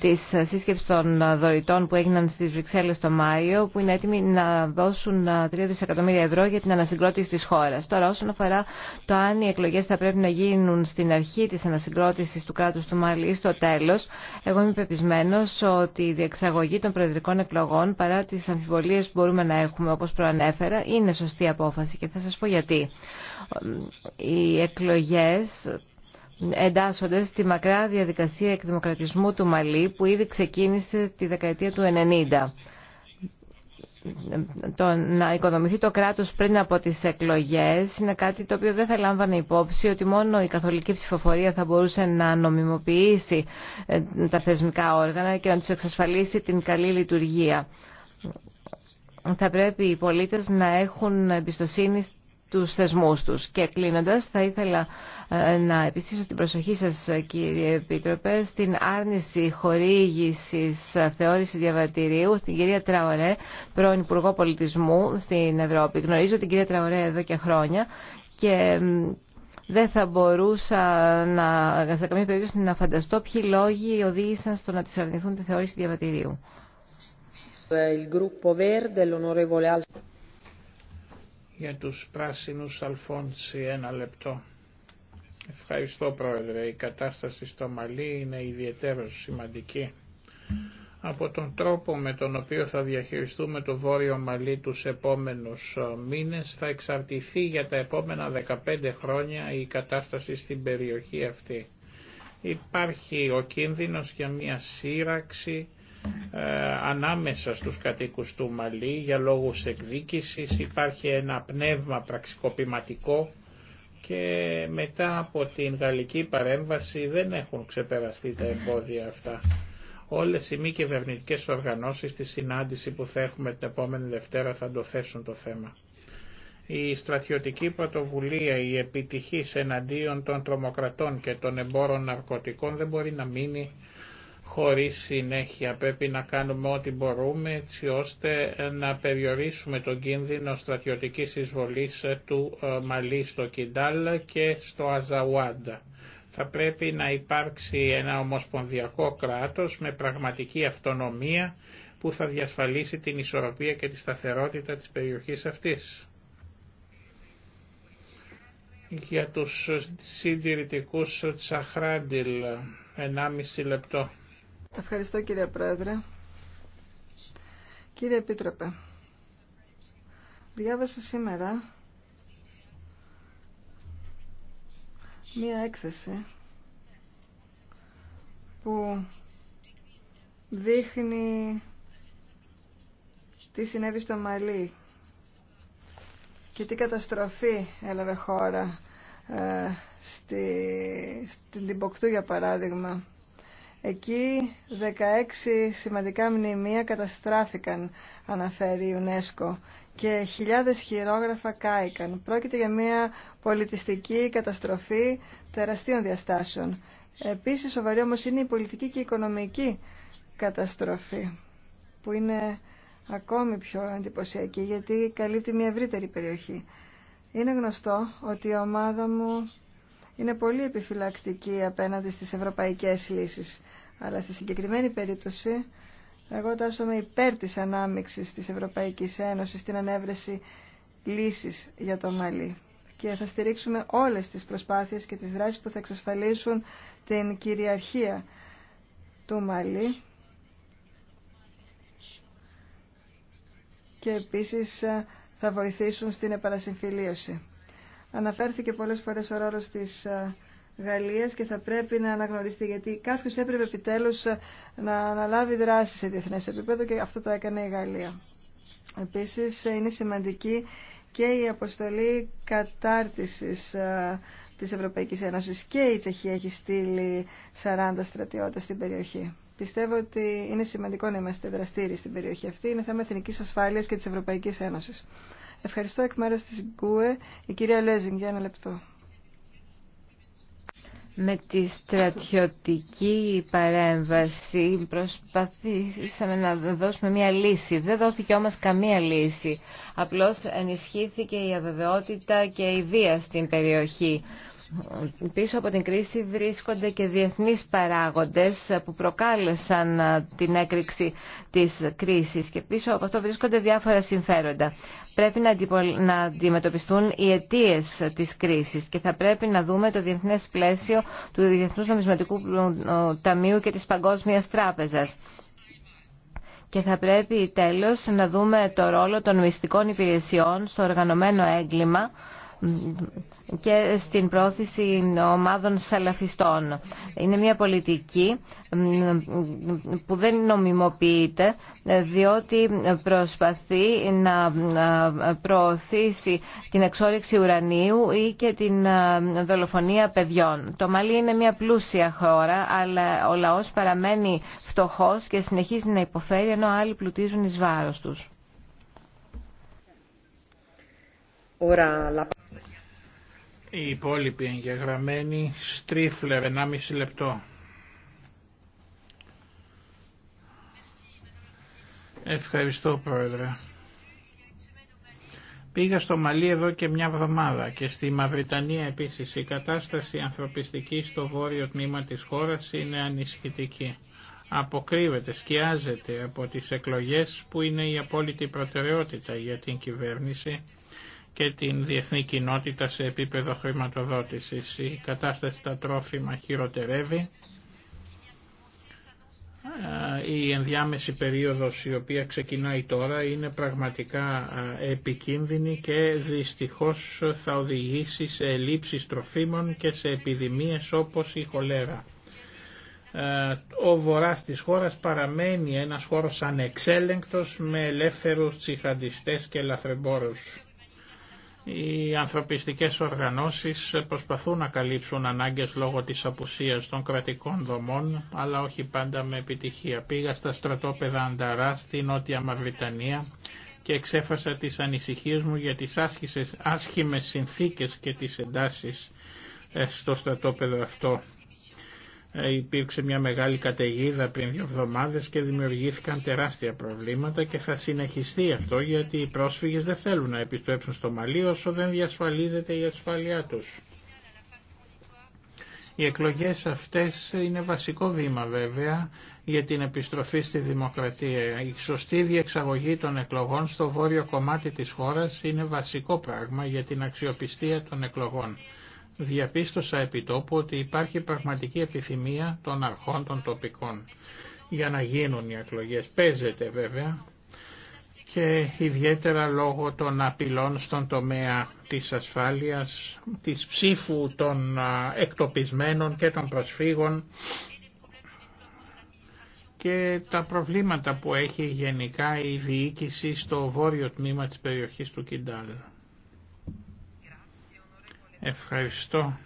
της σύσκεψης των δωρητών που έγιναν στις Βρυξέλλες το Μάιο που είναι έτοιμοι να δώσουν 3 δισεκατομμύρια ευρώ για την ανασυγκρότηση της χώρας. Τώρα όσον αφορά το αν οι εκλογές θα πρέπει να γίνουν στην αρχή της ανασυγκρότησης του κράτους του Μάλι ή στο τέλος, εγώ είμαι πεπισμένος ότι η στο τελος εγω ειμαι πεπισμενο οτι η διεξαγωγη των προεδρικών εκλογών παρά τις αμφιβολίες που μπορούμε να έχουμε, όπως προανέφερα, είναι σωστή απόφαση και θα σας πω γιατί. Οι εκλογές εντάσσονται στη μακρά διαδικασία εκδημοκρατισμού του Μαλή που ήδη ξεκίνησε τη δεκαετία του 90 το να οικοδομηθεί το κράτος πριν από τις εκλογές είναι κάτι το οποίο δεν θα λάμβανε υπόψη ότι μόνο η καθολική ψηφοφορία θα μπορούσε να νομιμοποιήσει ε, τα θεσμικά όργανα και να τους εξασφαλίσει την καλή λειτουργία θα πρέπει οι πολίτες να έχουν εμπιστοσύνη τους θεσμούς τους. Και κλείνοντας, θα ήθελα ε, να επιστήσω την προσοχή σας, κύριε Επίτροπε, στην άρνηση χορήγησης ε, θεώρηση διαβατηρίου στην κυρία Τραωρέ, πρώην Υπουργό Πολιτισμού στην Ευρώπη. Γνωρίζω την κυρία Τραωρέ εδώ και χρόνια και δεν θα μπορούσα να, σε καμία περίπτωση να φανταστώ ποιοι λόγοι οδήγησαν στο να της αρνηθούν τη θεώρηση διαβατηρίου. Για τους πράσινους Αλφόνση ένα λεπτό. Ευχαριστώ Πρόεδρε. Η κατάσταση στο Μαλί είναι ιδιαίτερα σημαντική. Από τον τρόπο με τον οποίο θα διαχειριστούμε το Βόρειο Μαλί τους επόμενους ε, μήνες θα εξαρτηθεί για τα επόμενα 15 χρόνια η κατάσταση στην περιοχή αυτή. Υπάρχει ο κίνδυνος για μια σύραξη ε, ανάμεσα στους κατοίκους του Μαλή για λόγους εκδίκησης υπάρχει ένα πνεύμα πραξικοπηματικό και μετά από την γαλλική παρέμβαση δεν έχουν ξεπεραστεί τα εμπόδια αυτά. Όλες οι μη κυβερνητικέ οργανώσεις στη συνάντηση που θα έχουμε την επόμενη Δευτέρα θα το θέσουν το θέμα. Η στρατιωτική πρωτοβουλία, η επιτυχής εναντίον των τρομοκρατών και των εμπόρων ναρκωτικών δεν μπορεί να μείνει χωρίς συνέχεια. Πρέπει να κάνουμε ό,τι μπορούμε έτσι ώστε να περιορίσουμε τον κίνδυνο στρατιωτικής εισβολής του ε, Μαλή στο Κιντάλ και στο Αζαουάντα. Θα πρέπει να υπάρξει ένα ομοσπονδιακό κράτος με πραγματική αυτονομία που θα διασφαλίσει την ισορροπία και τη σταθερότητα της περιοχής αυτής για τους συντηρητικούς Τσαχράντιλ 1,5 λεπτό. Ευχαριστώ κύριε Πρόεδρε. Κύριε Επίτροπε, διάβασα σήμερα μία έκθεση που δείχνει τι συνέβη στο Μαλί και τι καταστροφή έλαβε χώρα ε, στην Τιμποκτού για παράδειγμα Εκεί 16 σημαντικά μνημεία καταστράφηκαν, αναφέρει η UNESCO, και χιλιάδες χειρόγραφα κάηκαν. Πρόκειται για μια πολιτιστική καταστροφή τεραστίων διαστάσεων. Επίσης, σοβαρή όμως είναι η πολιτική και η οικονομική καταστροφή, που είναι ακόμη πιο εντυπωσιακή, γιατί καλύπτει μια ευρύτερη περιοχή. Είναι γνωστό ότι η ομάδα μου είναι πολύ επιφυλακτική απέναντι στις ευρωπαϊκές λύσεις. Αλλά στη συγκεκριμένη περίπτωση εγώ τάσομαι υπέρ της ανάμειξης της Ευρωπαϊκής Ένωσης στην ανέβρεση λύσης για το Μαλί. Και θα στηρίξουμε όλες τις προσπάθειες και τις δράσεις που θα εξασφαλίσουν την κυριαρχία του Μαλί. Και επίσης ε, θα βοηθήσουν στην επανασυμφιλίωση. Αναφέρθηκε πολλές φορές ο ρόλος της ε, Γαλλίας και θα πρέπει να αναγνωριστεί γιατί κάποιος έπρεπε επιτέλους ε, να αναλάβει δράση σε διεθνές επίπεδο και αυτό το έκανε η Γαλλία. Επίσης ε, είναι σημαντική και η αποστολή κατάρτισης της Ευρωπαϊκής Ένωσης και η Τσεχία έχει στείλει 40 στρατιώτες στην περιοχή. Πιστεύω ότι είναι σημαντικό να είμαστε δραστήριοι στην περιοχή αυτή. Είναι θέμα εθνικής ασφάλειας και της Ευρωπαϊκής Ένωσης. Ευχαριστώ εκ μέρους της ΓΚΟΕ, η κυρία Λέζινγκ, για ένα λεπτό. Με τη στρατιωτική παρέμβαση προσπαθήσαμε να δώσουμε μια λύση. Δεν δόθηκε όμως καμία λύση. Απλώς ενισχύθηκε η αβεβαιότητα και η βία στην περιοχή. Πίσω από την κρίση βρίσκονται και διεθνείς παράγοντες που προκάλεσαν την έκρηξη της κρίσης και πίσω από αυτό βρίσκονται διάφορα συμφέροντα. Πρέπει να αντιμετωπιστούν οι αιτίες της κρίσης και θα πρέπει να δούμε το διεθνές πλαίσιο του Διεθνούς Νομισματικού Ταμείου και της Παγκόσμιας Τράπεζας. Και θα πρέπει τέλος να δούμε το ρόλο των μυστικών υπηρεσιών στο οργανωμένο έγκλημα και στην πρόθεση ομάδων σαλαφιστών. Είναι μια πολιτική που δεν νομιμοποιείται διότι προσπαθεί να προωθήσει την εξόριξη ουρανίου ή και την δολοφονία παιδιών. Το Μαλί είναι μια πλούσια χώρα αλλά ο λαός παραμένει φτωχός και συνεχίζει να υποφέρει ενώ άλλοι πλουτίζουν εις βάρος τους. Η υπόλοιποι εγγεγραμμένοι στρίφλερ 1,5 λεπτό. Ευχαριστώ Πρόεδρε. Πήγα στο Μαλί εδώ και μια βδομάδα και στη Μαυριτανία επίσης η κατάσταση ανθρωπιστική στο βόρειο τμήμα της χώρας είναι ανησυχητική. Αποκρύβεται, σκιάζεται από τις εκλογές που είναι η απόλυτη προτεραιότητα για την κυβέρνηση και την διεθνή κοινότητα σε επίπεδο χρηματοδότησης. Η κατάσταση στα τρόφιμα χειροτερεύει. Η ενδιάμεση περίοδος η οποία ξεκινάει τώρα είναι πραγματικά επικίνδυνη και δυστυχώς θα οδηγήσει σε ελλείψεις τροφίμων και σε επιδημίες όπως η χολέρα. Ο βοράς της χώρας παραμένει ένας χώρος ανεξέλεγκτος με ελεύθερους τσιχαντιστές και λαθρεμπόρους. Οι ανθρωπιστικές οργανώσεις προσπαθούν να καλύψουν ανάγκες λόγω της απουσίας των κρατικών δομών, αλλά όχι πάντα με επιτυχία. Πήγα στα στρατόπεδα Ανταρά στη Νότια Μαυριτανία και εξέφασα τις ανησυχίες μου για τις άσχημες συνθήκες και τις εντάσεις ε, στο στρατόπεδο αυτό. Ε, υπήρξε μια μεγάλη καταιγίδα πριν δύο εβδομάδες και δημιουργήθηκαν τεράστια προβλήματα και θα συνεχιστεί αυτό γιατί οι πρόσφυγες δεν θέλουν να επιστρέψουν στο Μαλί όσο δεν διασφαλίζεται η ασφάλειά τους. Οι εκλογές αυτές είναι βασικό βήμα βέβαια για την επιστροφή στη δημοκρατία. Η σωστή διεξαγωγή των εκλογών στο βόρειο κομμάτι της χώρας είναι βασικό πράγμα για την αξιοπιστία των εκλογών διαπίστωσα επιτόπου ότι υπάρχει πραγματική επιθυμία των αρχών των τοπικών για να γίνουν οι εκλογές. Παίζεται βέβαια και ιδιαίτερα λόγω των απειλών στον τομέα της ασφάλειας, της ψήφου των εκτοπισμένων και των προσφύγων και τα προβλήματα που έχει γενικά η διοίκηση στο βόρειο τμήμα της περιοχής του Κιντάλ. Ευχαριστώ.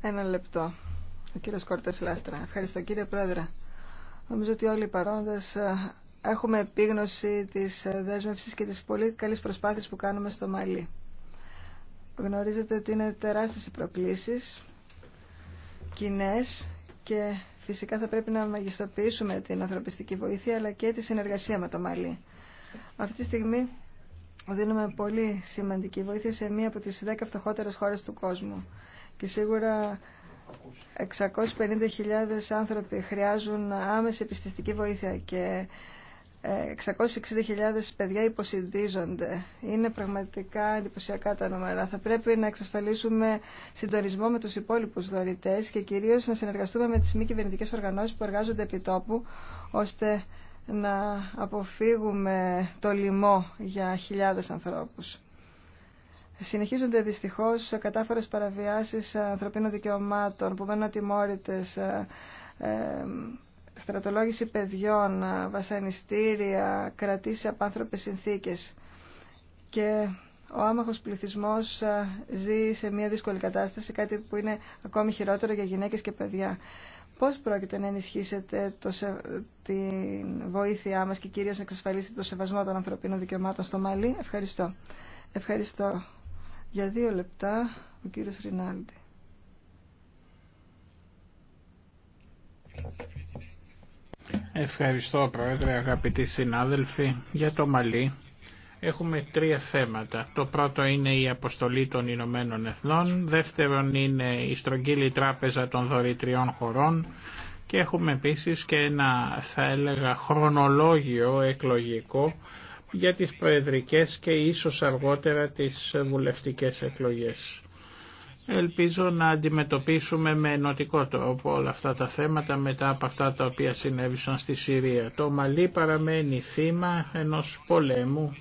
Ένα λεπτό. Ο κύριος Κόρτες Λάστρα. Ευχαριστώ κύριε Πρόεδρε. Νομίζω ότι όλοι οι παρόντες ε, έχουμε επίγνωση της ε, δέσμευσης και της πολύ καλής προσπάθειας που κάνουμε στο Μαλί. Γνωρίζετε ότι είναι τεράστιες οι προκλήσεις, κοινέ και φυσικά θα πρέπει να μαγιστοποιήσουμε την ανθρωπιστική βοήθεια αλλά και τη συνεργασία με το Μαλί. Αυτή τη στιγμή δίνουμε πολύ σημαντική βοήθεια σε μία από τις 10 φτωχότερες χώρες του κόσμου. Και σίγουρα 650.000 άνθρωποι χρειάζουν άμεση επιστηστική βοήθεια και 660.000 ε, παιδιά υποσυντίζονται. Είναι πραγματικά εντυπωσιακά τα νούμερα. Θα πρέπει να εξασφαλίσουμε συντονισμό με τους υπόλοιπους δωρητές και κυρίως να συνεργαστούμε με τις μη κυβερνητικές οργανώσεις που εργάζονται επί τόπου, ώστε να αποφύγουμε το λοιμό για χιλιάδες ανθρώπους. Συνεχίζονται δυστυχώς κατάφορες παραβιάσεις ανθρωπίνων δικαιωμάτων που μένουν ατιμόρυτες, ε, ε, στρατολόγηση παιδιών, ε, βασανιστήρια, κρατήσει από άνθρωπες συνθήκες. Και ο άμαχος πληθυσμός ζει σε μια δύσκολη κατάσταση, κάτι που είναι ακόμη χειρότερο για γυναίκες και παιδιά. Πώς πρόκειται να ενισχύσετε το την βοήθειά μας και κυρίως να εξασφαλίσετε το σεβασμό των ανθρωπίνων δικαιωμάτων στο Μαλί. Ευχαριστώ. Ευχαριστώ. Για δύο λεπτά ο κύριος Ρινάλντι. Ευχαριστώ Πρόεδρε, αγαπητοί συνάδελφοι, για το Μαλί. Έχουμε τρία θέματα. Το πρώτο είναι η αποστολή των Ηνωμένων Εθνών, δεύτερον είναι η στρογγύλη τράπεζα των δωρητριών χωρών και έχουμε επίσης και ένα θα έλεγα χρονολόγιο εκλογικό για τις προεδρικές και ίσως αργότερα τις βουλευτικές εκλογές. Ελπίζω να αντιμετωπίσουμε με ενωτικό τρόπο όλα αυτά τα θέματα μετά από αυτά τα οποία συνέβησαν στη Συρία. Το Μαλί παραμένει θύμα ενός πολέμου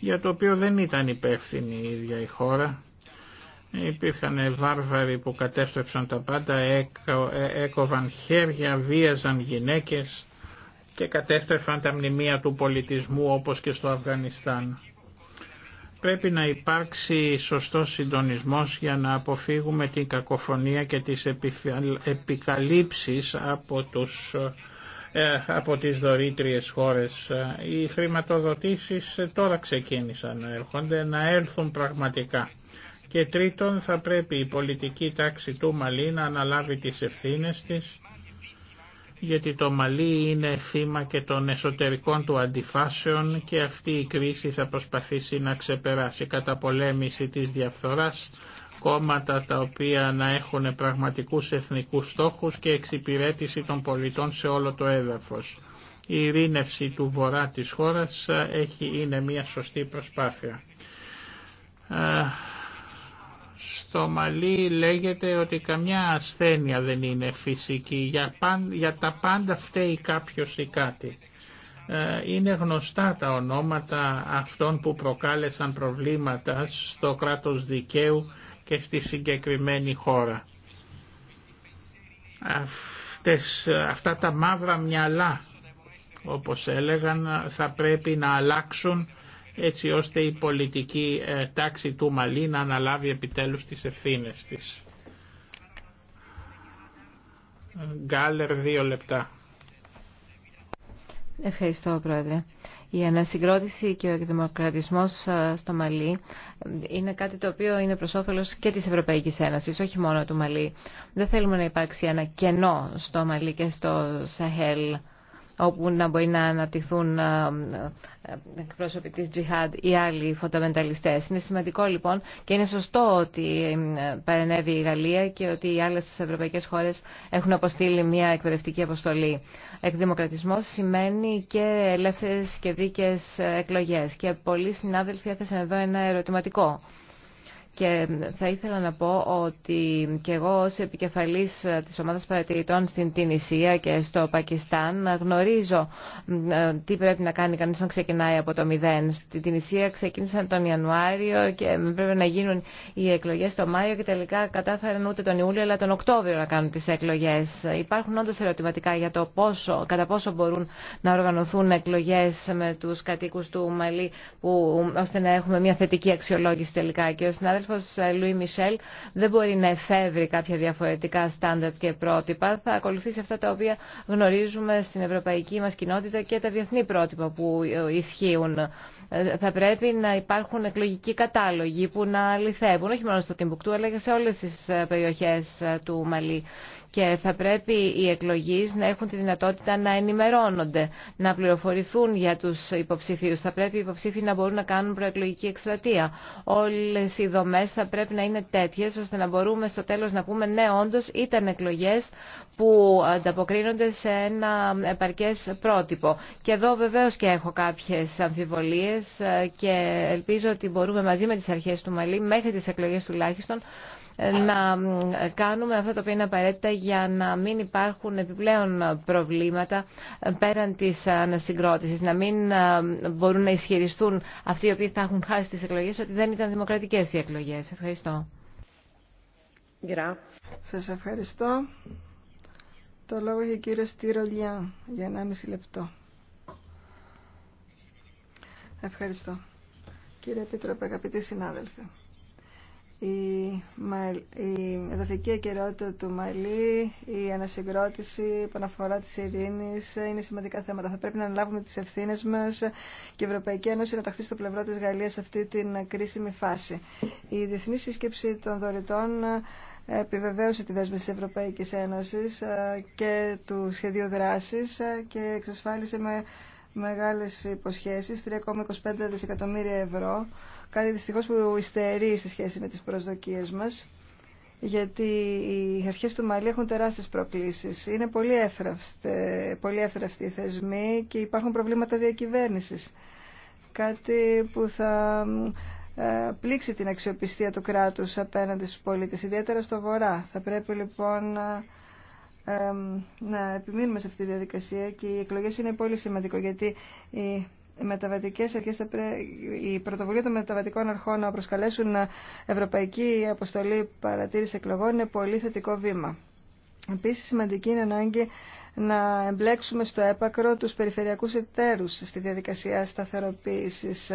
για το οποίο δεν ήταν υπεύθυνη η ίδια η χώρα. Υπήρχαν βάρβαροι που κατέστρεψαν τα πάντα, ε, έκοβαν χέρια, βίαζαν γυναίκες και κατέστρεφαν τα μνημεία του πολιτισμού όπως και στο Αφγανιστάν. Πρέπει να υπάρξει σωστός συντονισμός για να αποφύγουμε την κακοφωνία και τις επικαλύψεις από τους ε, ε, από τις δωρήτριες χώρες. Ε, οι χρηματοδοτήσεις τώρα ξεκίνησαν να έρχονται, να έρθουν πραγματικά. Και τρίτον θα πρέπει η πολιτική τάξη του Μαλή να αναλάβει τις ευθύνες της, γιατί το Μαλή είναι θύμα και των εσωτερικών του αντιφάσεων και αυτή η κρίση θα προσπαθήσει να ξεπεράσει κατά πολέμηση της διαφθοράς, κόμματα τα οποία να έχουν πραγματικούς εθνικούς στόχους και εξυπηρέτηση των πολιτών σε όλο το έδαφος. Η ειρήνευση του βορρά της χώρας ε, έχει, είναι μια σωστή προσπάθεια. Ε, στο Μαλί λέγεται ότι καμιά ασθένεια δεν είναι φυσική, για, για τα πάντα φταίει κάποιος ή κάτι. Ε, είναι γνωστά τα ονόματα αυτών που προκάλεσαν προβλήματα στο κράτος δικαίου και στη συγκεκριμένη χώρα. Αυτές, αυτά τα μαύρα μυαλά, όπως έλεγαν, θα πρέπει να αλλάξουν έτσι ώστε η πολιτική ε, τάξη του Μαλή να αναλάβει επιτέλους τις ευθύνες της. Γκάλερ, δύο λεπτά. Ευχαριστώ, Πρόεδρε. Η ανασυγκρότηση και ο δημοκρατισμός ε, στο Μαλί είναι κάτι το οποίο είναι προς και της Ευρωπαϊκής Ένωσης, όχι μόνο του Μαλί. Δεν θέλουμε να υπάρξει ένα κενό στο Μαλή και στο Σαχέλ όπου να μπορεί να αναπτυχθούν ε, ε, εκπρόσωποι της Τζιχάντ ή άλλοι φονταμενταλιστές. Είναι σημαντικό λοιπόν και είναι σωστό ότι ε, παρενέβη η Γαλλία και ότι οι άλλες ευρωπαϊκές χώρες έχουν αποστείλει μια εκπαιδευτική αποστολή. Εκδημοκρατισμός σημαίνει και ελεύθερες και δίκαιες εκλογές και πολλοί συνάδελφοι έθεσαν εδώ ένα ερωτηματικό. Και θα ήθελα να πω ότι και εγώ ως επικεφαλής της ομάδας παρατηρητών στην Τινησία και στο Πακιστάν γνωρίζω ε, τι πρέπει να κάνει κανείς να ξεκινάει από το μηδέν. Στην Τινησία ξεκίνησαν τον Ιανουάριο και πρέπει να γίνουν οι εκλογές το Μάιο και τελικά κατάφεραν ούτε τον Ιούλιο αλλά τον Οκτώβριο να κάνουν τις εκλογές. Υπάρχουν όντω ερωτηματικά για το πόσο, κατά πόσο μπορούν να οργανωθούν εκλογές με τους κατοίκους του Μαλή που, ώστε να έχουμε μια θετική αξιολόγηση τελικά. Και ο συνάδελφος Λουί ε, Μισελ δεν μπορεί να εφεύρει κάποια διαφορετικά στάνταρτ και πρότυπα. Θα ακολουθήσει αυτά τα οποία γνωρίζουμε στην ευρωπαϊκή μας κοινότητα και τα διεθνή πρότυπα που ε, ισχύουν. Ε, θα πρέπει να υπάρχουν εκλογικοί κατάλογοι που να αληθεύουν, όχι μόνο στο Τιμπουκτού, αλλά και σε όλες τις περιοχές του Μαλή και θα πρέπει οι εκλογείς να έχουν τη δυνατότητα να ενημερώνονται, να πληροφορηθούν για τους υποψηφίους. Θα πρέπει οι υποψήφοι να μπορούν να κάνουν προεκλογική εκστρατεία. Όλες οι δομές θα πρέπει να είναι τέτοιες ώστε να μπορούμε στο τέλος να πούμε ναι όντως ήταν εκλογές που ανταποκρίνονται σε ένα επαρκές πρότυπο. Και εδώ βεβαίως και έχω κάποιες αμφιβολίες ε, και ελπίζω ότι μπορούμε μαζί με τις αρχές του Μαλή μέχρι τις εκλογές τουλάχιστον να κάνουμε αυτά τα οποία είναι απαραίτητα για να μην υπάρχουν επιπλέον προβλήματα πέραν της ανασυγκρότησης, να μην ε, μπορούν να ισχυριστούν αυτοί οι οποίοι θα έχουν χάσει τις εκλογές ότι δεν ήταν δημοκρατικές οι εκλογές. Ευχαριστώ. Σας ευχαριστώ. Το λόγο έχει ο κύριος Τυρολιά για 1,5 λεπτό. Ευχαριστώ. Κύριε Επίτροπε, αγαπητοί συνάδελφοι η εδαφική ακαιρεότητα του Μαλή, η ανασυγκρότηση, η αναφορά της ειρήνης είναι σημαντικά θέματα. Θα πρέπει να αναλάβουμε τις ευθύνες μας και η Ευρωπαϊκή Ένωση να ταχθεί στο πλευρό της Γαλλίας σε αυτή την κρίσιμη φάση. Η διεθνή σύσκεψη των δωρητών επιβεβαίωσε τη δέσμευση της Ευρωπαϊκής Ένωσης και του σχεδίου δράσης και εξασφάλισε με μεγάλες υποσχέσεις, 3,25 δισεκατομμύρια ευρώ, κάτι δυστυχώς που υστερεί σε σχέση με τις προσδοκίες μας, γιατί οι αρχές του Μαλή έχουν τεράστιες προκλήσεις. Είναι πολύ, πολύ έφραυστοι οι θεσμοί και υπάρχουν προβλήματα διακυβέρνησης. Κάτι που θα ε, πλήξει την αξιοπιστία του κράτους απέναντι στους πολίτες, ιδιαίτερα στο Βορρά. Θα πρέπει λοιπόν να επιμείνουμε σε αυτή τη διαδικασία και οι εκλογές είναι πολύ σημαντικό γιατί οι μεταβατικές αρχές, η πρωτοβουλία των μεταβατικών αρχών να προσκαλέσουν ευρωπαϊκή αποστολή παρατήρηση εκλογών είναι πολύ θετικό βήμα. Επίσης σημαντική είναι ανάγκη να εμπλέξουμε στο έπακρο τους περιφερειακούς εταίρους στη διαδικασία σταθεροποίησης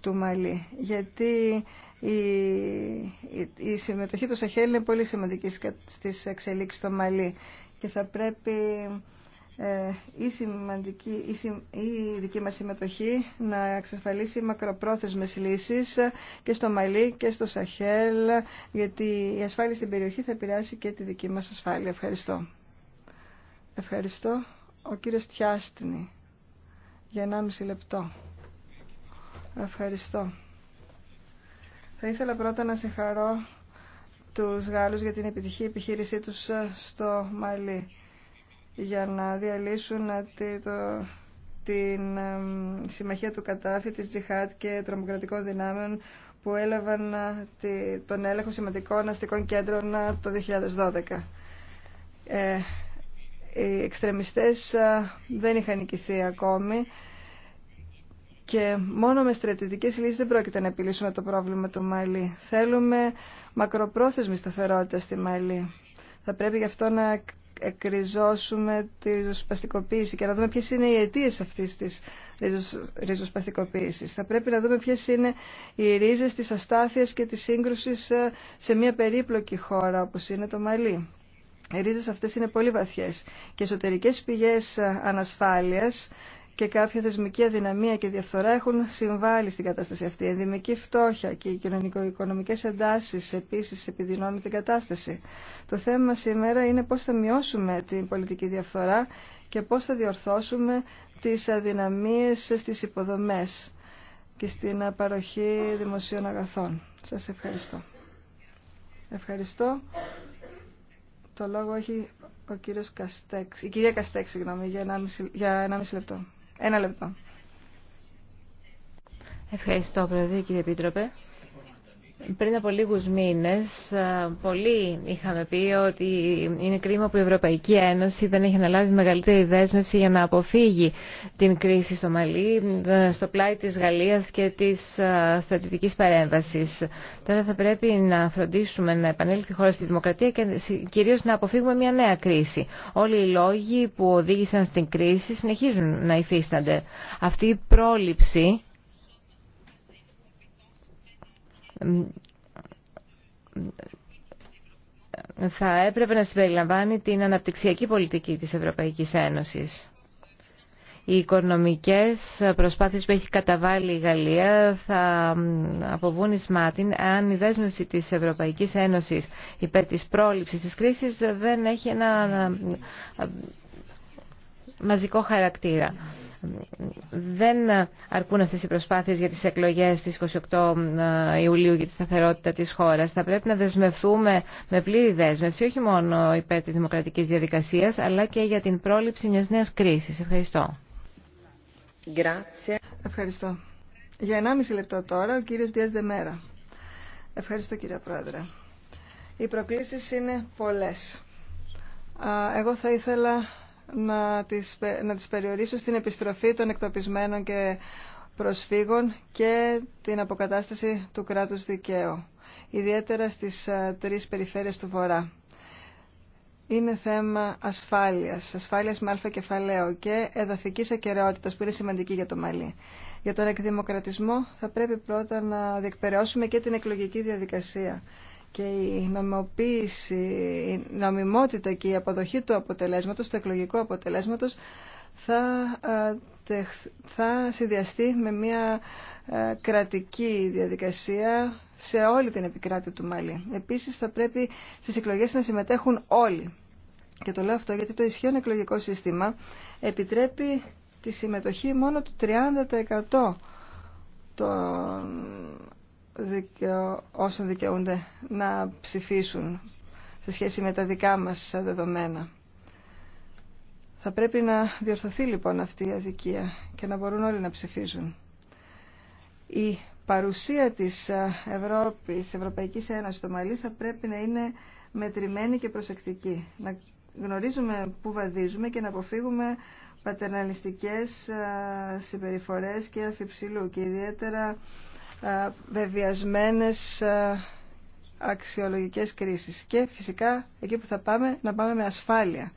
του Μαλή, γιατί η, η, η συμμετοχή του Σαχέλ είναι πολύ σημαντική στις εξελίξεις του Μαλή και θα πρέπει ε, η, σημαντική, η δική μας συμμετοχή να εξασφαλίσει μακροπρόθεσμες λύσεις και στο Μαλή και στο Σαχέλ, γιατί η ασφάλεια στην περιοχή θα επηρεάσει και τη δική μας ασφάλεια. Ευχαριστώ. Ευχαριστώ. Ο κύριος Τιάστινη για 1,5 λεπτό. Ευχαριστώ. Θα ήθελα πρώτα να συγχαρώ τους Γάλλους για την επιτυχή επιχείρησή τους ε, στο Μαλί για να διαλύσουν ε, το, την συμμαχία του Κατάφη, της Τζιχάτ και τρομοκρατικών δυνάμεων που έλαβαν ε, τον έλεγχο σημαντικών αστικών κέντρων το 2012. οι εξτρεμιστές δεν είχαν νικηθεί ακόμη και μόνο με στρατιωτικές λύσεις δεν πρόκειται να επιλύσουμε το πρόβλημα του Μαλή. Θέλουμε μακροπρόθεσμη σταθερότητα στη Μαλή. Θα πρέπει γι' αυτό να εκριζώσουμε τη ριζοσπαστικοποίηση και να δούμε ποιες είναι οι αιτίες αυτής της ριζοσπαστικοποίησης. Θα πρέπει να δούμε ποιες είναι οι ρίζες της αστάθειας και της σύγκρουσης σε μια περίπλοκη χώρα όπως είναι το Μαλή. Οι ρίζες αυτές είναι πολύ βαθιές και εσωτερικές πηγές ανασφάλειας και κάποια θεσμική αδυναμία και διαφθορά έχουν συμβάλει στην κατάσταση αυτή. Η ενδημική φτώχεια και οι κοινωνικο οικονομικέ εντάσει επίση επιδεινώνουν την κατάσταση. Το θέμα σήμερα είναι πώ θα μειώσουμε την πολιτική διαφθορά και πώ θα διορθώσουμε τι αδυναμίες στι υποδομέ και στην παροχή δημοσίων αγαθών. Σα ευχαριστώ. Ευχαριστώ. Το λόγο έχει ο κύριος Καστέξ, η κυρία Καστέξ, συγγνώμη, για 1,5 λεπτό. Ένα λεπτό. Ευχαριστώ, Πρόεδρε, κύριε Επίτροπε. Πριν από λίγους μήνες, πολλοί είχαμε πει ότι είναι κρίμα που η Ευρωπαϊκή Ένωση δεν έχει αναλάβει μεγαλύτερη δέσμευση για να αποφύγει την κρίση στο Μαλή, ε, στο πλάι της Γαλλίας και της στρατιωτικής παρέμβασης. Τώρα θα πρέπει να φροντίσουμε να επανέλθει η χώρα στη δημοκρατία και κυρίως να αποφύγουμε μια νέα κρίση. Όλοι οι λόγοι που οδήγησαν στην κρίση συνεχίζουν να υφίστανται. Αυτή η πρόληψη θα έπρεπε να συμπεριλαμβάνει την αναπτυξιακή πολιτική της Ευρωπαϊκής Ένωσης. Οι οικονομικές προσπάθειες που έχει καταβάλει η Γαλλία θα αποβούν εις αν η δέσμευση της Ευρωπαϊκής Ένωσης υπέρ της πρόληψης της κρίσης δεν έχει ένα μαζικό χαρακτήρα δεν αρκούν αυτές οι προσπάθειες για τις εκλογές στις 28 Ιουλίου για τη σταθερότητα της χώρας. Θα πρέπει να δεσμευθούμε με πλήρη δέσμευση, όχι μόνο υπέρ της δημοκρατικής διαδικασίας, αλλά και για την πρόληψη μιας νέας κρίσης. Ευχαριστώ. Ευχαριστώ. Για 1,5 λεπτό τώρα, ο κύριος Δίας Δεμέρα. Ευχαριστώ κύριε Πρόεδρε. Οι προκλήσεις είναι πολλές. Εγώ θα ήθελα να τις, να στην επιστροφή των εκτοπισμένων και προσφύγων και την αποκατάσταση του κράτους δικαίου, ιδιαίτερα στις ε, τρεις περιφέρειες του Βορρά. Είναι θέμα ασφάλειας, ασφάλειας με αλφα και εδαφικής ακαιρεότητας που είναι σημαντική για το Μαλί. Για τον εκδημοκρατισμό θα πρέπει πρώτα να διεκπαιρεώσουμε και την εκλογική διαδικασία και η νομιμοποίηση, η νομιμότητα και η αποδοχή του αποτελέσματος, του εκλογικού αποτελέσματος θα, ε, θα συνδυαστεί με μια ε, κρατική διαδικασία σε όλη την επικράτεια του μάλι. Επίσης θα πρέπει στις εκλογές να συμμετέχουν όλοι. Και το λέω αυτό γιατί το ισχύον εκλογικό σύστημα επιτρέπει τη συμμετοχή μόνο του 30% των δικαιο... όσων δικαιούνται να ψηφίσουν σε σχέση με τα δικά μας δεδομένα. Θα πρέπει να διορθωθεί λοιπόν αυτή η αδικία και να μπορούν όλοι να ψηφίζουν. Η παρουσία της ε, Ευρώπης, της Ευρωπαϊκής Ένωσης στο Μαλή θα πρέπει να είναι μετρημένη και προσεκτική. Να γνωρίζουμε πού βαδίζουμε και να αποφύγουμε πατερναλιστικές ε, συμπεριφορές και αφιψηλού και ιδιαίτερα ε, βεβαιασμένες ε, αξιολογικές κρίσεις. Και φυσικά εκεί που θα πάμε να πάμε με ασφάλεια.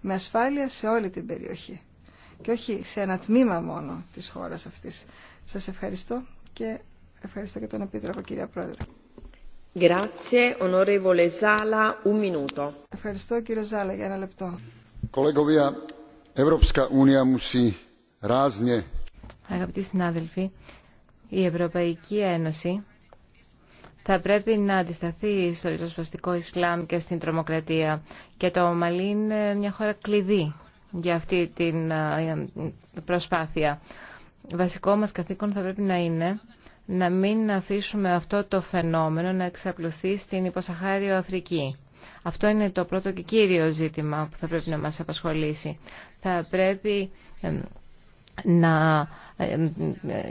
Με ασφάλεια σε όλη την περιοχή. Και όχι σε ένα τμήμα μόνο της χώρας αυτής. Σας ευχαριστώ και ευχαριστώ και τον Επίτροπο κυρία Πρόεδρε. Ευχαριστώ κύριο Ζάλα για ένα λεπτό. Αγαπητοί συνάδελφοι, η Ευρωπαϊκή Ένωση θα πρέπει να αντισταθεί στο ριζοσπαστικό Ισλάμ και στην τρομοκρατία. Και το Μαλί είναι μια χώρα κλειδί για αυτή την προσπάθεια. Βασικό μας καθήκον θα πρέπει να είναι να μην αφήσουμε αυτό το φαινόμενο να εξαπλωθεί στην υποσαχάριο Αφρική. Αυτό είναι το πρώτο και κύριο ζήτημα που θα πρέπει να μας απασχολήσει. Θα πρέπει να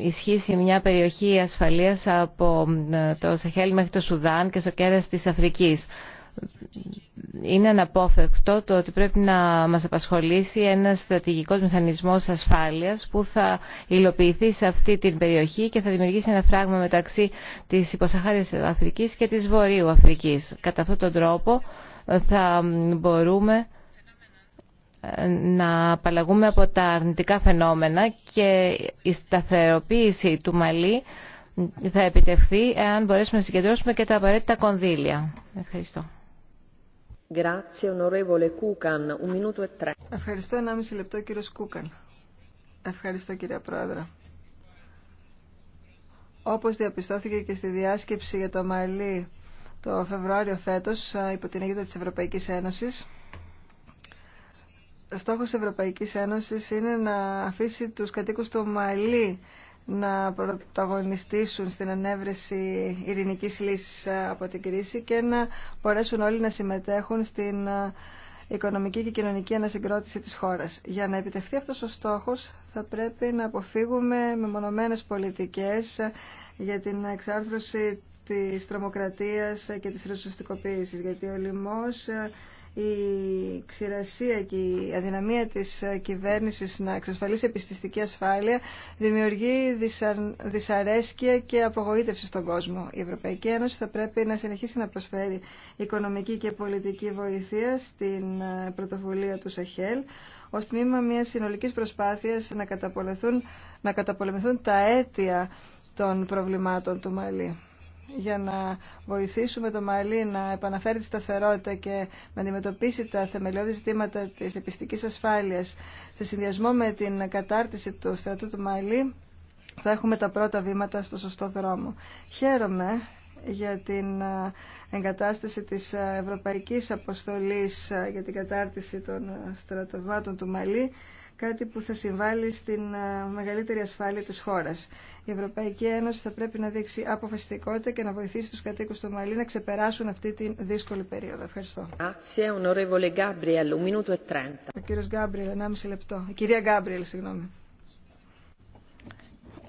ισχύσει μια περιοχή ασφαλείας από ε, το Σαχέλ μέχρι το Σουδάν και στο κέρας της Αφρικής. Είναι αναπόφευκτο το ότι πρέπει να μας απασχολήσει ένας στρατηγικός μηχανισμός ασφάλειας που θα υλοποιηθεί σε αυτή την περιοχή και θα δημιουργήσει ένα φράγμα μεταξύ της υποσαχάριας Αφρικής και της Βορείου Αφρικής. Κατά αυτόν τον τρόπο ε, θα μπορούμε να απαλλαγούμε από τα αρνητικά φαινόμενα και η σταθεροποίηση του Μαλή θα επιτευχθεί εάν μπορέσουμε να συγκεντρώσουμε και τα απαραίτητα κονδύλια. Ευχαριστώ. E Ευχαριστώ. Ένα μισή λεπτό, κύριο Κούκαν. Ευχαριστώ, κύριε Πρόεδρε. Όπως διαπιστώθηκε και στη διάσκεψη για το Μαλή το Φεβρουάριο φέτος ε, υπό την αιγύδα της Ευρωπαϊκής Ένωσης, στόχος Ευρωπαϊκής Ένωσης είναι να αφήσει τους κατοίκους του Μαλή να πρωταγωνιστήσουν στην ανέβρεση ειρηνικής λύσης από την κρίση και να μπορέσουν όλοι να συμμετέχουν στην οικονομική και κοινωνική ανασυγκρότηση της χώρας. Για να επιτευχθεί αυτός ο στόχος θα πρέπει να αποφύγουμε μεμονωμένες πολιτικές για την εξάρθρωση της τρομοκρατίας και της ρεσουστικοποίησης, γιατί ο λοιμός η ξηρασία και η αδυναμία της κυβέρνησης να εξασφαλίσει επιστηστική ασφάλεια δημιουργεί δυσαρέσκεια και απογοήτευση στον κόσμο. Η Ευρωπαϊκή Ένωση θα πρέπει να συνεχίσει να προσφέρει οικονομική και πολιτική βοηθεία στην ε, πρωτοβουλία του Σαχέλ ως τμήμα μια συνολικής προσπάθειας να, να καταπολεμηθούν τα αίτια των προβλημάτων του Μαλή για να βοηθήσουμε το Μαλί να επαναφέρει τη σταθερότητα και να αντιμετωπίσει τα θεμελιώδη ζητήματα της επιστικής ασφάλειας σε συνδυασμό με την κατάρτιση του στρατού του Μαλί θα έχουμε τα πρώτα βήματα στο σωστό δρόμο. Χαίρομαι για την εγκατάσταση της Ευρωπαϊκής Αποστολής για την κατάρτιση των στρατευμάτων του μαλί κάτι που θα συμβάλλει στην ε, μεγαλύτερη ασφάλεια της χώρας. Η Ευρωπαϊκή Ένωση θα πρέπει να δείξει αποφασιστικότητα και να βοηθήσει τους κατοίκους του Μαλή να ξεπεράσουν αυτή τη δύσκολη περίοδο. Ευχαριστώ. E Ο κύριος Γκάμπριελ, 1,5 λεπτό. Η κυρία Γκάμπριελ, συγγνώμη.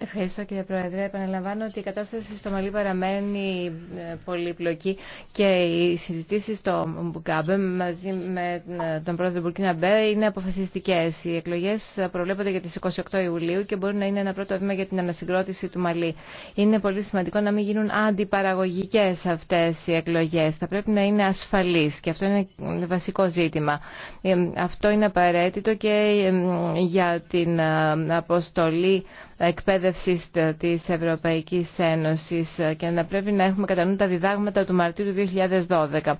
Ευχαριστώ κύριε Πρόεδρε. Επαναλαμβάνω ότι η κατάσταση στο Μαλί παραμένει ε, πολύπλοκη και οι συζητήσει στο Μπουκάμπε μαζί με ε, τον πρόεδρο Μπουρκίνα Μπέ είναι αποφασιστικέ. Οι εκλογέ προβλέπονται για τι 28 Ιουλίου και μπορεί να είναι ένα πρώτο βήμα για την ανασυγκρότηση του Μαλί. Είναι πολύ σημαντικό να μην γίνουν αντιπαραγωγικέ αυτέ οι εκλογέ. Θα πρέπει να είναι ασφαλεί και αυτό είναι βασικό ζήτημα. Ε, αυτό είναι απαραίτητο και για την αποστολή εκπαίδευση της Ευρωπαϊκής Ένωση ε, και να πρέπει να έχουμε κατά νου τα διδάγματα του Μαρτίου του 2012.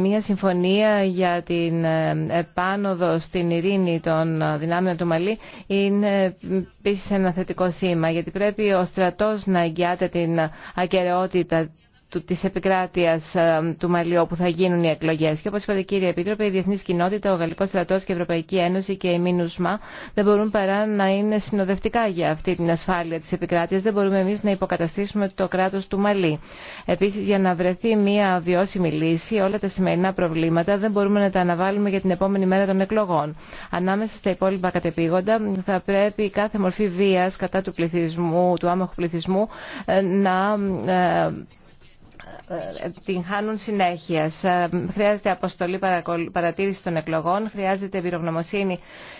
Μία συμφωνία για την ε, επάνωδο στην ειρήνη των ε, δυνάμεων του Μαλή είναι επίση ένα θετικό σήμα γιατί πρέπει ο στρατός να εγγυάται την ακαιρεότητα του, της επικράτειας ε, του Μαλλιού όπου θα γίνουν οι εκλογές. Και όπως είπατε κύριε Επίτροπε, η διεθνής κοινότητα, ο Γαλλικός στρατός και η Ευρωπαϊκή Ένωση και η Μίνουσμα δεν μπορούν παρά να είναι συνοδευτικά για αυτή την ασφάλεια της επικράτειας. Δεν μπορούμε εμείς να υποκαταστήσουμε το κράτος του μαλί. Επίσης, για να βρεθεί μια βιώσιμη λύση, όλα τα σημερινά προβλήματα δεν μπορούμε να τα αναβάλουμε για την επόμενη μέρα των εκλογών. Ανάμεσα στα υπόλοιπα κατεπήγοντα θα πρέπει κάθε μορφή βίας κατά του πληθυσμού, του άμαχου πληθυσμού ε, να ε, την χάνουν συνέχεια. Χρειάζεται αποστολή παρατήρηση των εκλογών, χρειάζεται επιρογνωμοσύνη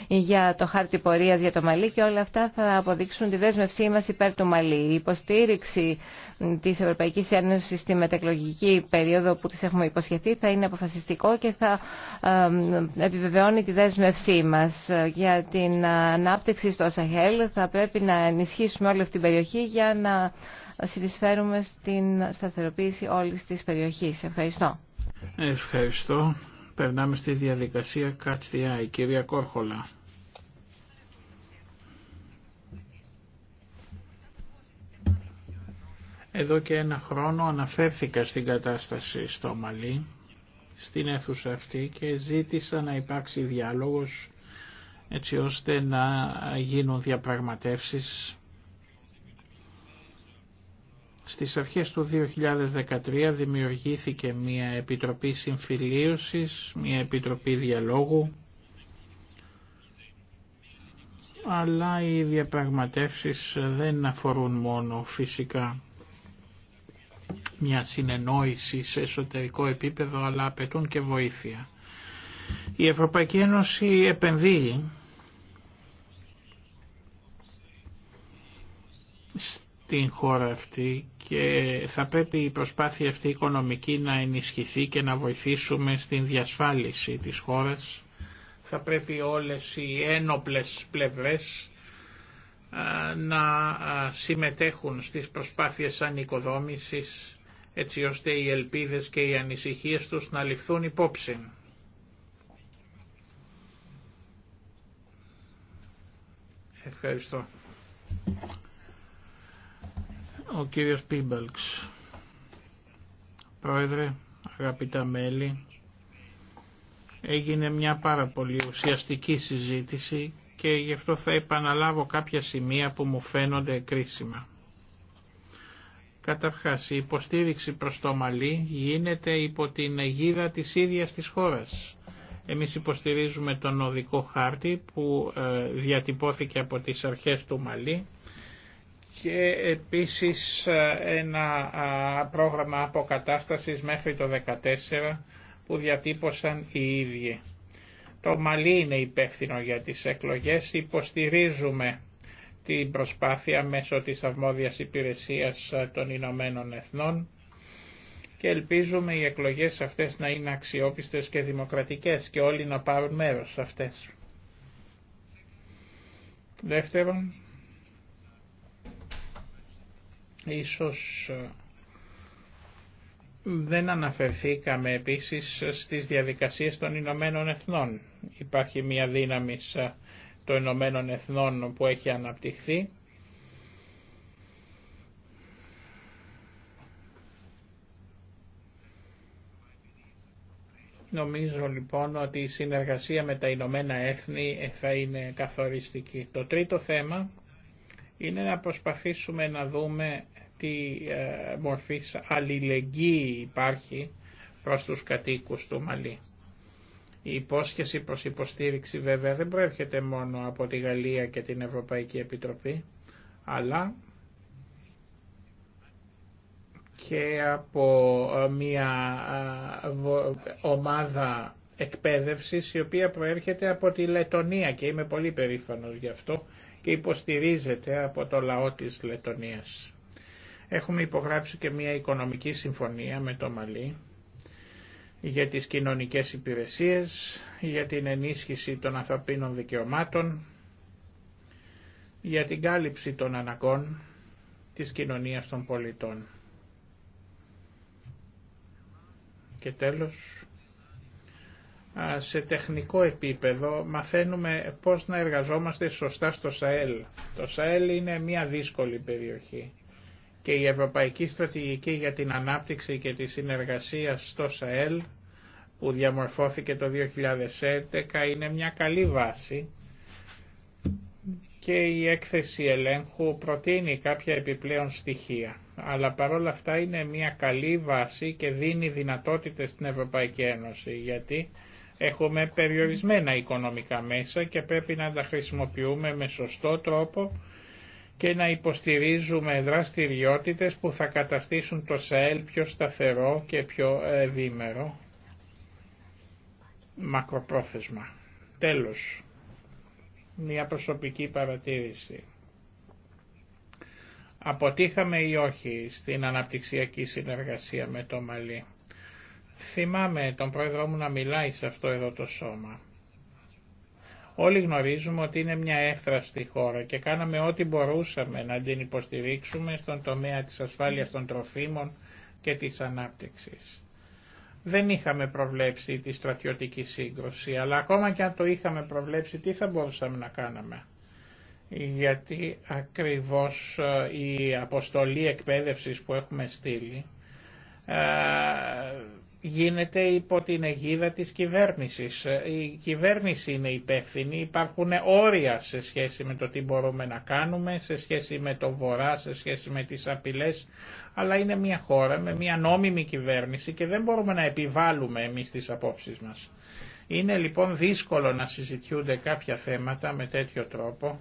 για το χάρτη πορεία για το Μαλί και όλα αυτά θα αποδείξουν τη δέσμευσή μα υπέρ του Μαλί. Η υποστήριξη τη Ευρωπαϊκή Ένωση στη μετεκλογική περίοδο που τη έχουμε υποσχεθεί θα είναι αποφασιστικό και θα επιβεβαιώνει τη δέσμευσή μα. Για την ανάπτυξη στο Σαχέλ θα πρέπει να ενισχύσουμε όλη αυτή την περιοχή για να συνεισφέρουμε στην σταθεροποίηση όλης της περιοχής. Ευχαριστώ. Ευχαριστώ. Περνάμε στη διαδικασία ΚΑΤΣΤΙΑ. Η κυρία Κόρχολα. Εδώ και ένα χρόνο αναφέρθηκα στην κατάσταση στο Μαλί, στην αίθουσα αυτή και ζήτησα να υπάρξει διάλογος έτσι ώστε να γίνουν διαπραγματεύσεις στις αρχές του 2013 δημιουργήθηκε μια επιτροπή συμφιλίωσης, μια επιτροπή διαλόγου, αλλά οι διαπραγματεύσεις δεν αφορούν μόνο φυσικά μια συνεννόηση σε εσωτερικό επίπεδο, αλλά απαιτούν και βοήθεια. Η Ευρωπαϊκή Ένωση επενδύει την χώρα αυτή και θα πρέπει η προσπάθεια αυτή οικονομική να ενισχυθεί και να βοηθήσουμε στην διασφάλιση της χώρας. Θα πρέπει όλες οι ένοπλες πλευρές να συμμετέχουν στις προσπάθειες ανοικοδόμησης έτσι ώστε οι ελπίδες και οι ανησυχίες τους να ληφθούν υπόψη. Ευχαριστώ. Ο κύριος Πίμπαλξ. Πρόεδρε, αγαπητά μέλη, έγινε μια πάρα πολύ ουσιαστική συζήτηση και γι' αυτό θα επαναλάβω κάποια σημεία που μου φαίνονται κρίσιμα. Καταρχάς, η υποστήριξη προς το Μαλί γίνεται υπό την αιγίδα της ίδιας της χώρας. Εμείς υποστηρίζουμε τον οδικό χάρτη που ε, διατυπώθηκε από τις αρχές του Μαλί και επίσης ε, ένα πρόγραμμα αποκατάστασης μέχρι το 2014 που διατύπωσαν οι ίδιοι. Το Μαλί είναι υπεύθυνο για τις εκλογές, υποστηρίζουμε την προσπάθεια μέσω της αυμόδιας υπηρεσίας ε, των Ηνωμένων Εθνών και ελπίζουμε οι εκλογές αυτές να είναι αξιόπιστες και δημοκρατικές και όλοι να πάρουν μέρος σε αυτές. Δεύτερον, Ίσως ε, δεν αναφερθήκαμε επίσης στις διαδικασίες των Ηνωμένων Εθνών. Υπάρχει μια δύναμη των Ηνωμένων Εθνών που έχει αναπτυχθεί Νομίζω λοιπόν ότι η συνεργασία με τα Ηνωμένα Έθνη θα είναι καθοριστική. Το τρίτο θέμα είναι να προσπαθήσουμε να δούμε τι ε, μορφής αλληλεγγύη υπάρχει προς τους κατοίκους του Μαλή. Η υπόσχεση προς υποστήριξη βέβαια δεν προέρχεται μόνο από τη Γαλλία και την Ευρωπαϊκή Επιτροπή, αλλά και από ε, μια ε, ομάδα εκπαίδευσης η οποία προέρχεται από τη Λετωνία και είμαι πολύ περήφανος γι' αυτό και υποστηρίζεται από το λαό της Λετωνίας. Έχουμε υπογράψει και μια οικονομική συμφωνία με το Μαλί για τις κοινωνικές υπηρεσίες, για την ενίσχυση των ανθρωπίνων δικαιωμάτων, για την κάλυψη των αναγκών της κοινωνίας των πολιτών. Και τέλος, σε τεχνικό επίπεδο μαθαίνουμε πώς να εργαζόμαστε σωστά στο ΣΑΕΛ. Το ΣΑΕΛ είναι μια δύσκολη περιοχή και η Ευρωπαϊκή Στρατηγική για την Ανάπτυξη και τη Συνεργασία στο ΣΑΕΛ που διαμορφώθηκε το 2011 είναι μια καλή βάση και η έκθεση ελέγχου προτείνει κάποια επιπλέον στοιχεία. Αλλά παρόλα αυτά είναι μια καλή βάση και δίνει δυνατότητες στην Ευρωπαϊκή Ένωση γιατί Έχουμε περιορισμένα οικονομικά μέσα και πρέπει να τα χρησιμοποιούμε με σωστό τρόπο και να υποστηρίζουμε δραστηριότητες που θα καταστήσουν το ΣΑΕΛ πιο σταθερό και πιο ευήμερο μακροπρόθεσμα. Τέλος, μια προσωπική παρατήρηση. Αποτύχαμε ή όχι στην αναπτυξιακή συνεργασία με το Μαλί. Θυμάμαι τον πρόεδρό μου να μιλάει σε αυτό εδώ το σώμα. Όλοι γνωρίζουμε ότι είναι μια εύθραστη χώρα και κάναμε ό,τι μπορούσαμε να την υποστηρίξουμε στον τομέα της ασφάλειας των τροφίμων και της ανάπτυξης. Δεν είχαμε προβλέψει τη στρατιωτική σύγκρουση, αλλά ακόμα και αν το είχαμε προβλέψει, τι θα μπορούσαμε να κάναμε. Γιατί ακριβώς ε, η αποστολή εκπαίδευσης που έχουμε στείλει ε, γίνεται υπό την αιγίδα της κυβέρνησης. Ε, η κυβέρνηση είναι υπεύθυνη, υπάρχουν όρια σε σχέση με το τι μπορούμε να κάνουμε, σε σχέση με το βορρά, σε σχέση με τις απειλές, αλλά είναι μια χώρα με μια νόμιμη κυβέρνηση και δεν μπορούμε να επιβάλλουμε εμείς τις απόψεις μας. Είναι λοιπόν δύσκολο να συζητιούνται κάποια θέματα με τέτοιο τρόπο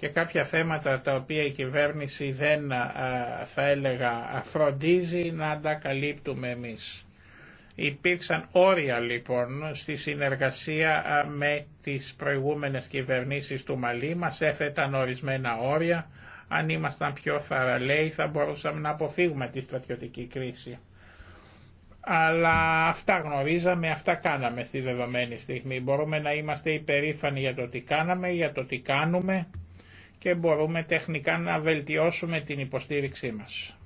και κάποια θέματα τα οποία η κυβέρνηση δεν θα έλεγα φροντίζει να τα καλύπτουμε εμείς. Υπήρξαν όρια λοιπόν στη συνεργασία με τις προηγούμενες κυβερνήσεις του Μαλή, μας έθεταν ορισμένα όρια, αν ήμασταν πιο θαραλέοι θα μπορούσαμε να αποφύγουμε τη στρατιωτική κρίση. Αλλά αυτά γνωρίζαμε, αυτά κάναμε στη δεδομένη στιγμή. Μπορούμε να είμαστε υπερήφανοι για το τι κάναμε, για το τι κάνουμε και μπορούμε τεχνικά να βελτιώσουμε την υποστήριξή μας.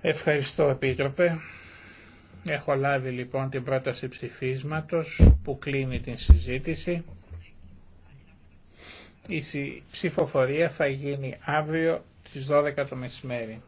Ευχαριστώ Επίτροπε. Έχω λάβει λοιπόν την πρόταση ψηφίσματος που κλείνει την συζήτηση. Η ψηφοφορία θα γίνει αύριο στις 12 το μεσημέρι.